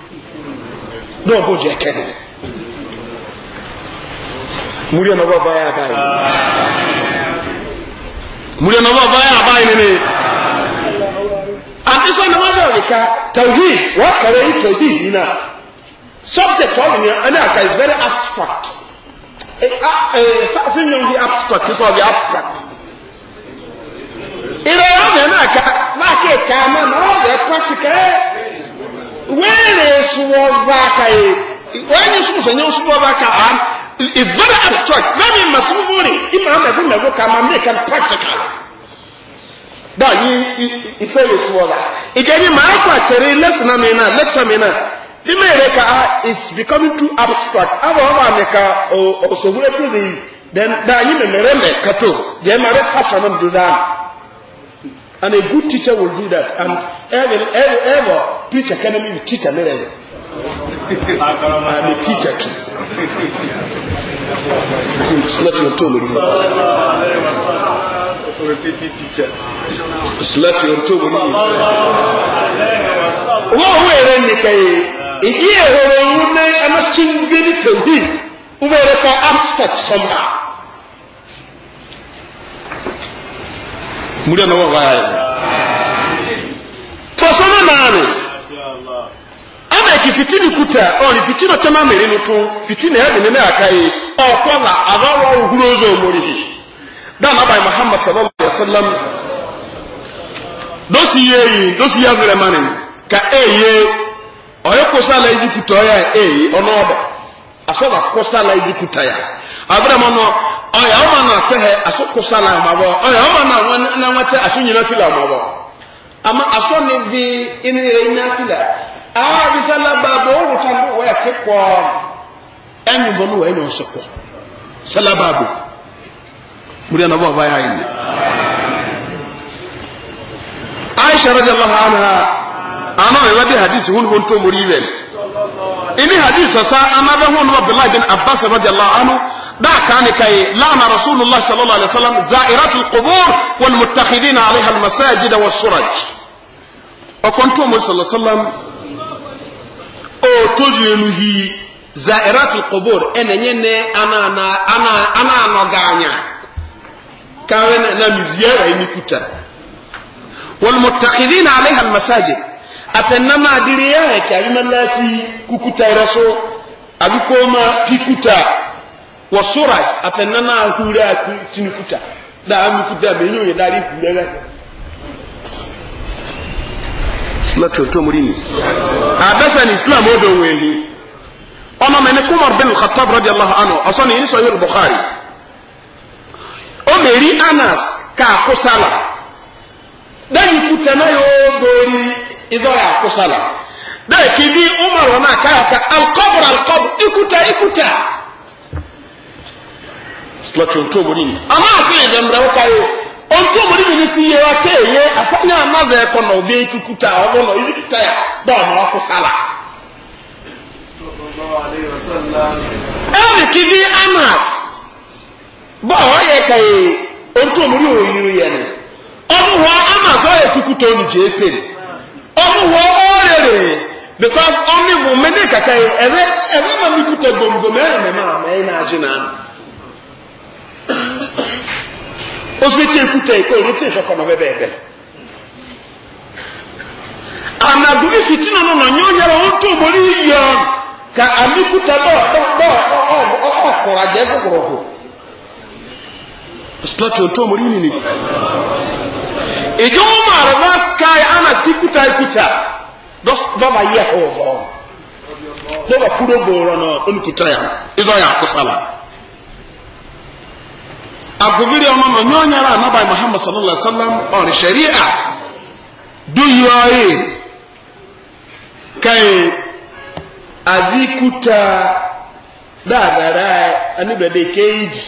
dɔɔbo jɛ kɛnɛ muriya nɔbɔ ba y'a ba ye muriya nɔbɔ ba y'a ba ye ne ye a ti sɔn nama dɔw de ka tawhi wa kare i tawhi in subject tɔw ni ani a ka is very abstract ee a ee fɛn abstract. bi abstract sɔrɔ bi abstract ìrẹ̀lẹ̀ ọ̀nà náà ká máa ké ká máa náà ọ̀rẹ́ pàṣẹ where e, when you suppose you should work arm is very abstract very masumuri imam ezu mego kama make am ka. da yi isa yi su I idan yi ma akwa chere lesson na me na lecture me na di me re ka is becoming too abstract aba aba me ka o so gure tu di then da yi me mere me kato je mare fashion do that And a good teacher will do that. And ever, ever, ever, preacher can be a teacher, I'm a teacher too. Slap your toe, Slap your toe, Wọ́n wọ́n ẹ̀rẹ́ nìkan yìí, the ẹ̀rọ ẹ̀rọ ní not gbé ní tòhí, wọ́n ẹ̀rẹ́ ká abstract somehow. muri ọ̀nà wọ̀wọ̀ ayé fọ̀sọ́nà màánù ama ki fitini kuta ọ̀nì fitini ọ̀tẹ́ máa mẹ́rin na fitini ẹ̀rọ nínú àká yìí ọ̀kọ́ là muhammad sallallahu alayhi wa sallam dọ́sì yé yìí dọ́sì ka ẹ̀ yé ọ̀yẹ́ la kuta e, la ọyà ọmọ na tẹ́hẹ̀ asọ́kùsá náà màbọ̀ ọyà ọmọ náà wẹ́tẹ́ asọ́nyìnà fìlà màbọ̀ àmọ́ asọ́ni bí ẹni rẹ̀ ba fìlà àbísálà bàbá òwò tán bó wẹ́ kíkọ́ ẹ̀yìn bọ́ ní wẹ́ ẹ̀yìn ọ̀sọ̀kọ̀ sálà bàbá múlẹ̀ ya bọ̀ báyà yìí ni. aisha rẹ̀ lọ́ha ana ana ìwé bí hadith hun hun tó mú rí rẹ̀ ini hadisi sasa hun abdullahi bin دع كان كي لعن رسول الله صلى الله عليه وسلم زائرات القبور والمتخذين عليها المساجد والسرج وكنت أمر صلى الله عليه وسلم أو تجينه زائرات القبور أنا ني أنا أنا أنا أنا أنا انا انا انا انا انا والمتخذين عليها المساجد أتنما انا انا انا انا رسول أبي كوما انا wɔ sora afɛnɛ na ahuri aku da na amikuta mɛ enyo yɛ dari hu lɛlɛ. sinatio tomori ni abɛsɛ ni islam o don wɛnhi ɔnɔ mɛ ni kumar bin khatab radiyallahu anhu ɔsɔ ni inisɔ yɛrɛ bukhari o mɛri anas k'a ko sala dɛyi kuta na y'o gori idɔra a ko sala dɛyi kibi umar wɔn a k'a ka alikɔbura alikɔbura ikuta ikuta. láti ohun tó mọ̀rí ni. àmọ́ àfi ìdẹ̀ mìíràn wọ́n káyọ̀ ohun tó mọ̀rí ní sí iye wa ké èyẹ àfáàní àmàzẹ̀ ẹ̀kọ́ náà ọ̀bẹ kúkú ta ọ̀bọ̀ náà ìlú kúta yà bọ́ọ̀ náà kó sálà. ẹnì kí anas ọ ọ̀ ká yẹ ohun ọ mọ̀rí yẹ anas tó because ní kàkà yẹ mi osibiti ekuta ekwe olete esokɔnɔ bɛ bɛɛ bɛ anadumi fitina no nɔnyɔnyɛ la wɔn tó mori yɔn ka ami kuta bɔ bɔ bɔ ɔkɔra jɛ kɔkɔrɔ ko osibiti o tó mori nini ìjọ wọn mara bá ka ana kikuta ekuta dɔba yɛ hɔ vɔ dɔba kuro gbɔɔrɔ nɔ olukuta yɛ idɔ yɛ akosala agoviri ọmọ mọ ní ọnyára anabai muhammad sallallahu alaihi wa sallam ọrẹ sẹríà duyọọyì kai azikuta dáadáa anibẹdẹ kéèjì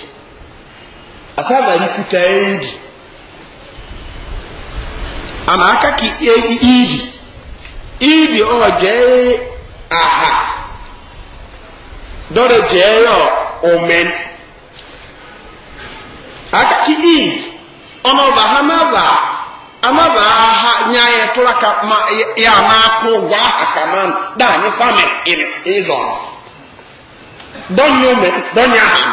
asábàáyí kuta éèjì àmà akáki éèjì e, éèjì ọjẹ aha dọrẹ jẹ ẹ ọ ọmẹni. aka ki eid ọmọ ha ma ba ama ba ha nya yɛ tora ka ma yɛ ama ko gwa ha ka ma da ne fa mɛ ɛnɛ ɛzɔ dɔnyɔ mɛ dɔnyɔ ha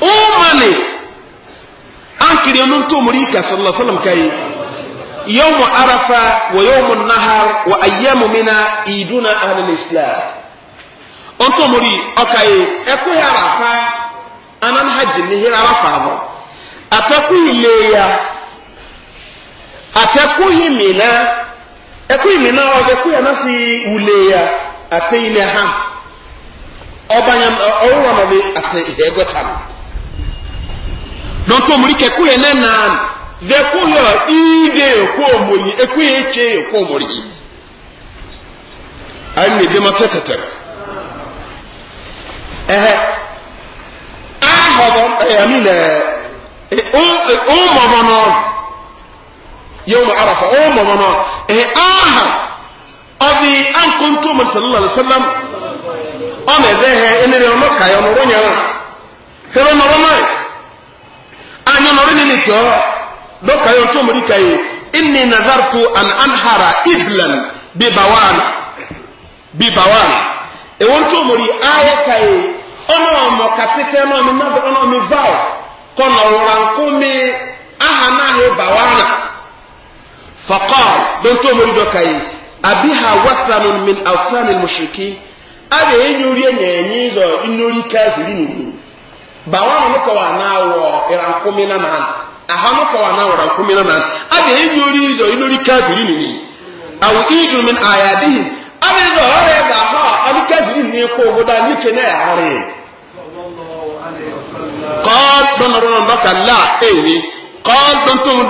o ma an kiri ɔno to mori ka sallallahu alaihi wa sallam ka arafa wa yawmu nahar wa ayyamu mina iduna ahlul islam ɔn to mori ɔka yi ɛkò yɛ anan hajji ni hira rafa bo atakuhi leya atakuhi mina ekuhi mina ọdekuya nasi uleya ate ile ha ọbanya ọwụwa nọ bi ate ihe egweta m dọtọ omuli kekuhi ne nan dekuhi ọ ide ekwu omuli ekuhi eche ekwu omuli anyị na-ebi ma tetetem ehe ọmọbọnọ e, e, e, yẹwò arafa ọmọbọnọ ẹ aha ọbi ankuntu mu sallallahu alaihi wasallam ọmọ ẹbẹ hẹ ẹnìrẹ ọmọ kàyọ ọmọ ronyara hẹrẹ ọmọ rọmọ ẹ anyi ọmọ ronyara ni tọ dọkàyọ ntọ ọmọ dika yìí inni nazartu an anhara iblan bibawan bibawan ewu ntọ ọmọ ri ayẹ kàyìí. Ọnụ ọ̀mọ̀ kàtítẹ́ náà mi má bẹ̀rẹ̀ náà aha náà bawa bà wá nà. fọ́kọ́ dọ́ntọ́ mo dídọ̀ kàyé ha wàsánù mi àwùsánù mùsùlùkì á lè yé nyórí ẹ̀yẹ̀yìn zọ inórí káfìrí nìyí. bà wá nà na aha nà kọ́ wà náà wọ ìrànkú mi náà nà á ami ní ga-ahụ gbà hàn abikẹ́sì ní kó owó dá ní kí náà yà rẹ̀. kọ́ọ̀d dọ́nàdọ́nà dọ́kà lá èyí kọ́ọ̀d dọ́ntọ́mù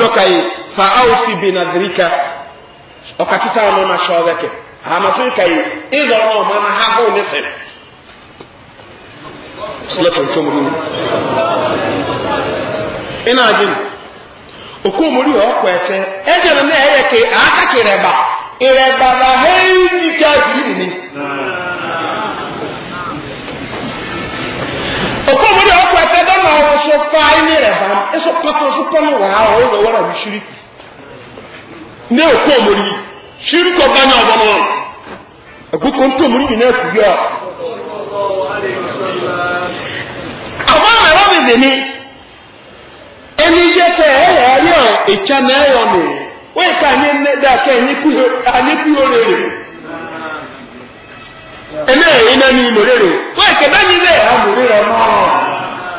fa áwòsì bì na dìríkà ọ̀kà títà ka ọ̀nà aṣọ ọ̀bẹ ka àmàṣe kà yìí ìzọ̀ ọ̀nà ha bọ̀ ìrẹ̀ bàbá hẹ́yìn ní ime ni. Òkú òmùdí ọkọ̀ ẹ̀fẹ́ dọ́nà ọ̀rọ̀ sọ pa inú rẹ̀ bá ẹ̀sọ́ pátó sọ pọ́nù wà á ọ̀rọ̀ ìrọ̀ wọ́n àbí ṣírí. Ní òkú òmùdí ṣírí kọ̀ bá náà wọ́n náà. Àkókò ń tó òmùdí na wọ́n yìí ká ní ẹ̀dá ká àníkúyò rèrè ẹ̀lẹ́ iná ní ìmò rèrè wọ́n yìí kẹ̀dá yìí rẹ̀ àmò rèrè ọmọ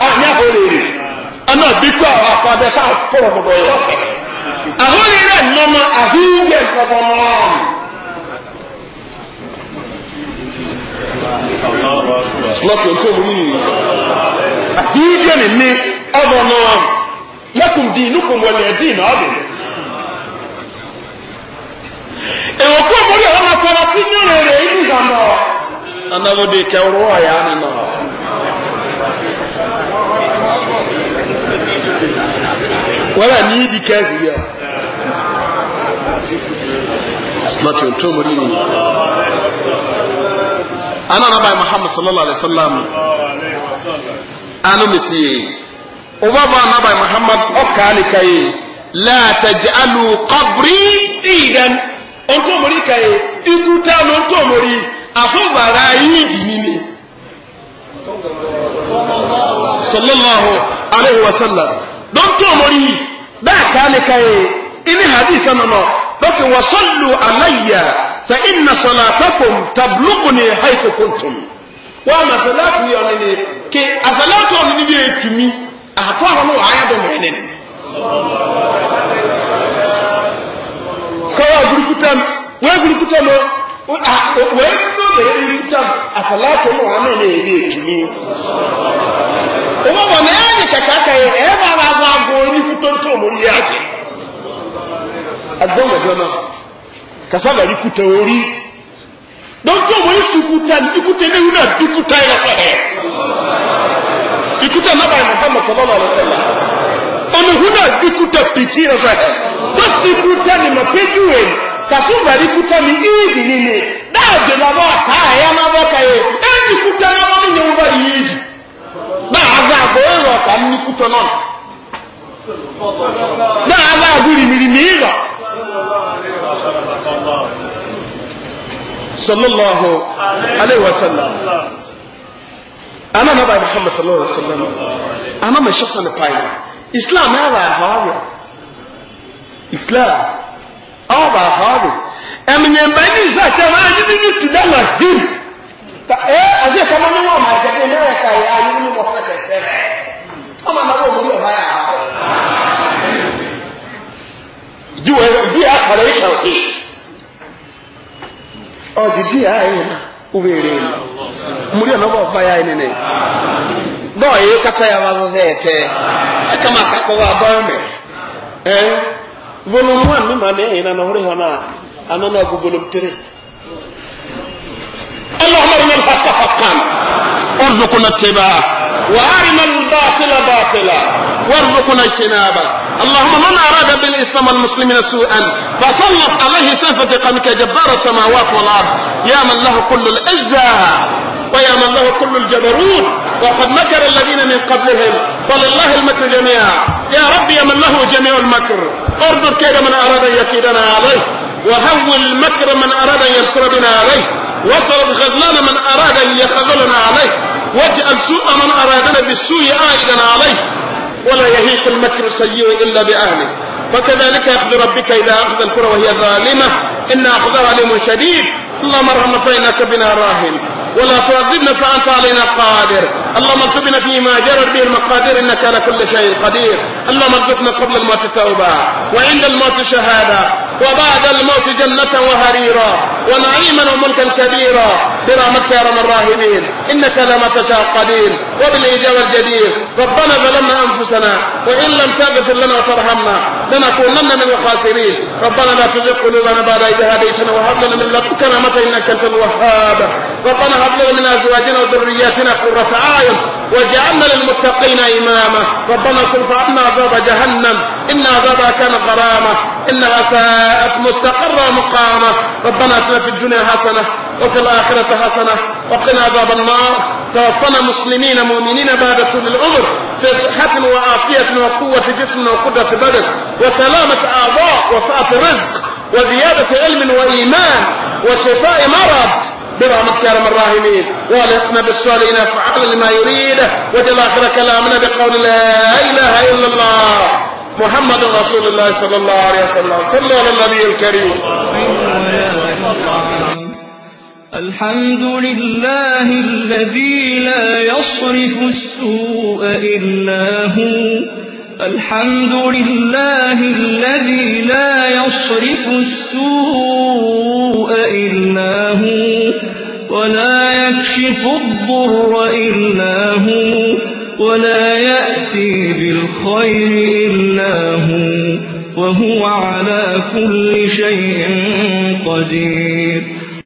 àníàkó rèrè ọ̀nà bíkú àwọn afábẹ́ ká kọ̀rọ̀ bọ̀bọ̀ yọ. àwọn rèrè nọ́mọ àhíwẹ̀ kọ̀kọ̀ mọ́. lọ́sọ̀ tó mú nìyí àhíwẹ̀ ní ọ̀dọ̀ náà lẹ́kùn dín inú kò wọlé dín náà bẹ̀rẹ̀. èwọ̀ kú ọmọdé ọlọ́mọ akọ́ra tí ní ọ̀rẹ́ rẹ̀ inú ìgbàmọ́ anáwọ́dé kẹwọ́rọ́ ọ̀yá nínú wọ́n ní ìdí kẹ́ẹ̀sì yẹ láti ọ̀tọ́ mọ̀ nínú anáwọ́dé muhammad sallallahu alaihi wasallam anu misi ọbaba anáwọ́dé muhammad ọkà nìkayé láti jẹ́ alù kọ́brí ontomori kaye ikú tá ló ń tòmori àfọwàrà yìí dì níní sallallahu alaihi wasallam ló ń tòmori bẹ́ẹ̀ ká ní kaye ilé hadith nọ lókè wà sọ́lù aláyà fa inna salatakum tabluguni haitu kuntum wọ́n ma salatu yọ nínú ke asalatu ọ̀nà níbi ètùmí àtọ́ àwọn ayádọ́mọ̀ ẹni kọ́wọ́ burúkú tẹ́m wọ́n burúkú tẹ́m wọ́n nínú lè rí tẹ́m àfàlásọ náà wọ́n náà èrè ètùmí owó wọ̀n náà ní kàkàkà yẹ ẹ̀ máa wá wá gbọ́ orí kú tó ń tó mú yá jẹ agbọ́ngàdọ́ náà kàsáàbà rí kú tẹ orí dọ́jọ́ wọ́n sùkú tẹ́m ikú tẹ́ léwu náà dúkú tẹ́ ẹ̀ ikú tẹ́ náà báyìí mọ̀ fẹ́ mọ̀ sọ́lọ́ ọ̀nà húnà dúkú tẹ́ pìtì ẹ̀ dasi kuta ni mapejuwe kasubari kuta ni idi nini daje laba kaya mabaka ye ezi kuta na wani nyumba yiji baaza agoero ka nni kuta non baaza aguri mirimi iza sallallahu alaihi wasallam ana nabai muhammad sallallahu alaihi wasallam ana mai shasa ne pai islam ya ba hawa islam ọba ahọ́ọ̀bù ẹ̀mìnyẹ̀mbá ní ìṣe àti ẹ̀rọ ẹ̀yìn ní ní tùdá wà dì ẹ ọjọ́ ìkọ́mọ́ ní wọn máa jẹ́bi ní ẹ̀ka yẹ ayé ní wọn fẹ́ tẹ̀tẹ̀ rẹ̀ ọmọ àmàlà òmùrí ọ̀bá yà á. ìdíwọ̀ ẹ̀rọ bí i àfọ̀rẹ́ ìṣàn eight ọ̀dì bí i àyè náà òwe èrè ni òmùrí ọ̀nà ọba ọ̀fà yà á nínú bọ́ọ̀ yìí kátà yà wà lọ́sẹ̀ ẹ̀tẹ́ ẹ̀ka máa kápọ̀ wà bọ́ọ̀ mẹ́ ẹ̀ اللهم ارنا الحق حقا اتباعه وارنا الباطل باطلا وارزقنا اجتنابه اللهم من اراد بالاسلام والمسلمين سوءا فسلط عليه سيف قامك جبار السماوات والارض يا من له كل العزه ويا من له كل الجبروت وقد مكر الذين من قبلهم فلله المكر جميعا يا رب يا من له جميع المكر اردد كيد من اراد ان يكيدنا عليه وهول مكر من اراد ان يذكر بنا عليه واصرف خذلان من اراد ان يخذلنا عليه واجعل سوء من ارادنا بالسوء عائدا عليه ولا يهيق المكر السيء الا باهله فكذلك اخذ ربك اذا اخذ الكره وهي ظالمه ان اخذها لم شديد اللهم ارحم فانك بنا راهن ولا تعذبنا فأنت علينا قادر اللهم اكتبنا فيما جرت به المقادير إنك على كل شيء قدير اللهم اكتبنا قبل الموت توبة وعند الموت شهادة وبعد الموت جنة وهريرا ونعيما وملكا كبيرا برحمتك يا رب الراحمين إنك لما تشاء قدير وبالإجابة الجدير ربنا ظلمنا أنفسنا وإن لم تغفر لنا وترحمنا لنكونن من الخاسرين ربنا لا تزغ قلوبنا بعد إذ هديتنا وهب لنا من لدنك رحمة إنك أنت الوهاب ربنا هب لنا من أزواجنا وذرياتنا قرة أعين واجعلنا للمتقين إماما ربنا صرف عنا عذاب جهنم إن عذابها كان غرامة إنها ساءت مستقرة مقامة ربنا أتنا في الدنيا حسنة وفي الآخرة حسنة وقنا عذاب النار توفنا مسلمين مؤمنين بعد طول العمر في صحة وعافية وقوة جسم وقدرة بدن وسلامة أعضاء وسعة رزق وزيادة علم وإيمان وشفاء مرض برحمتك يا رب الراحمين والحقنا بالصالحين فعل لما يريده وجل اخر كلامنا بقول لا اله الا الله محمد رسول الله صلى الله عليه وسلم صلى على النبي الكريم الحمد لله الذي لا يصرف السوء إلا هو الحمد لله الذي لا يصرف السوء إلا هو ولا يكشف الضر إلا هو ولا يأتي بالخير إلا هو وهو على كل شيء قدير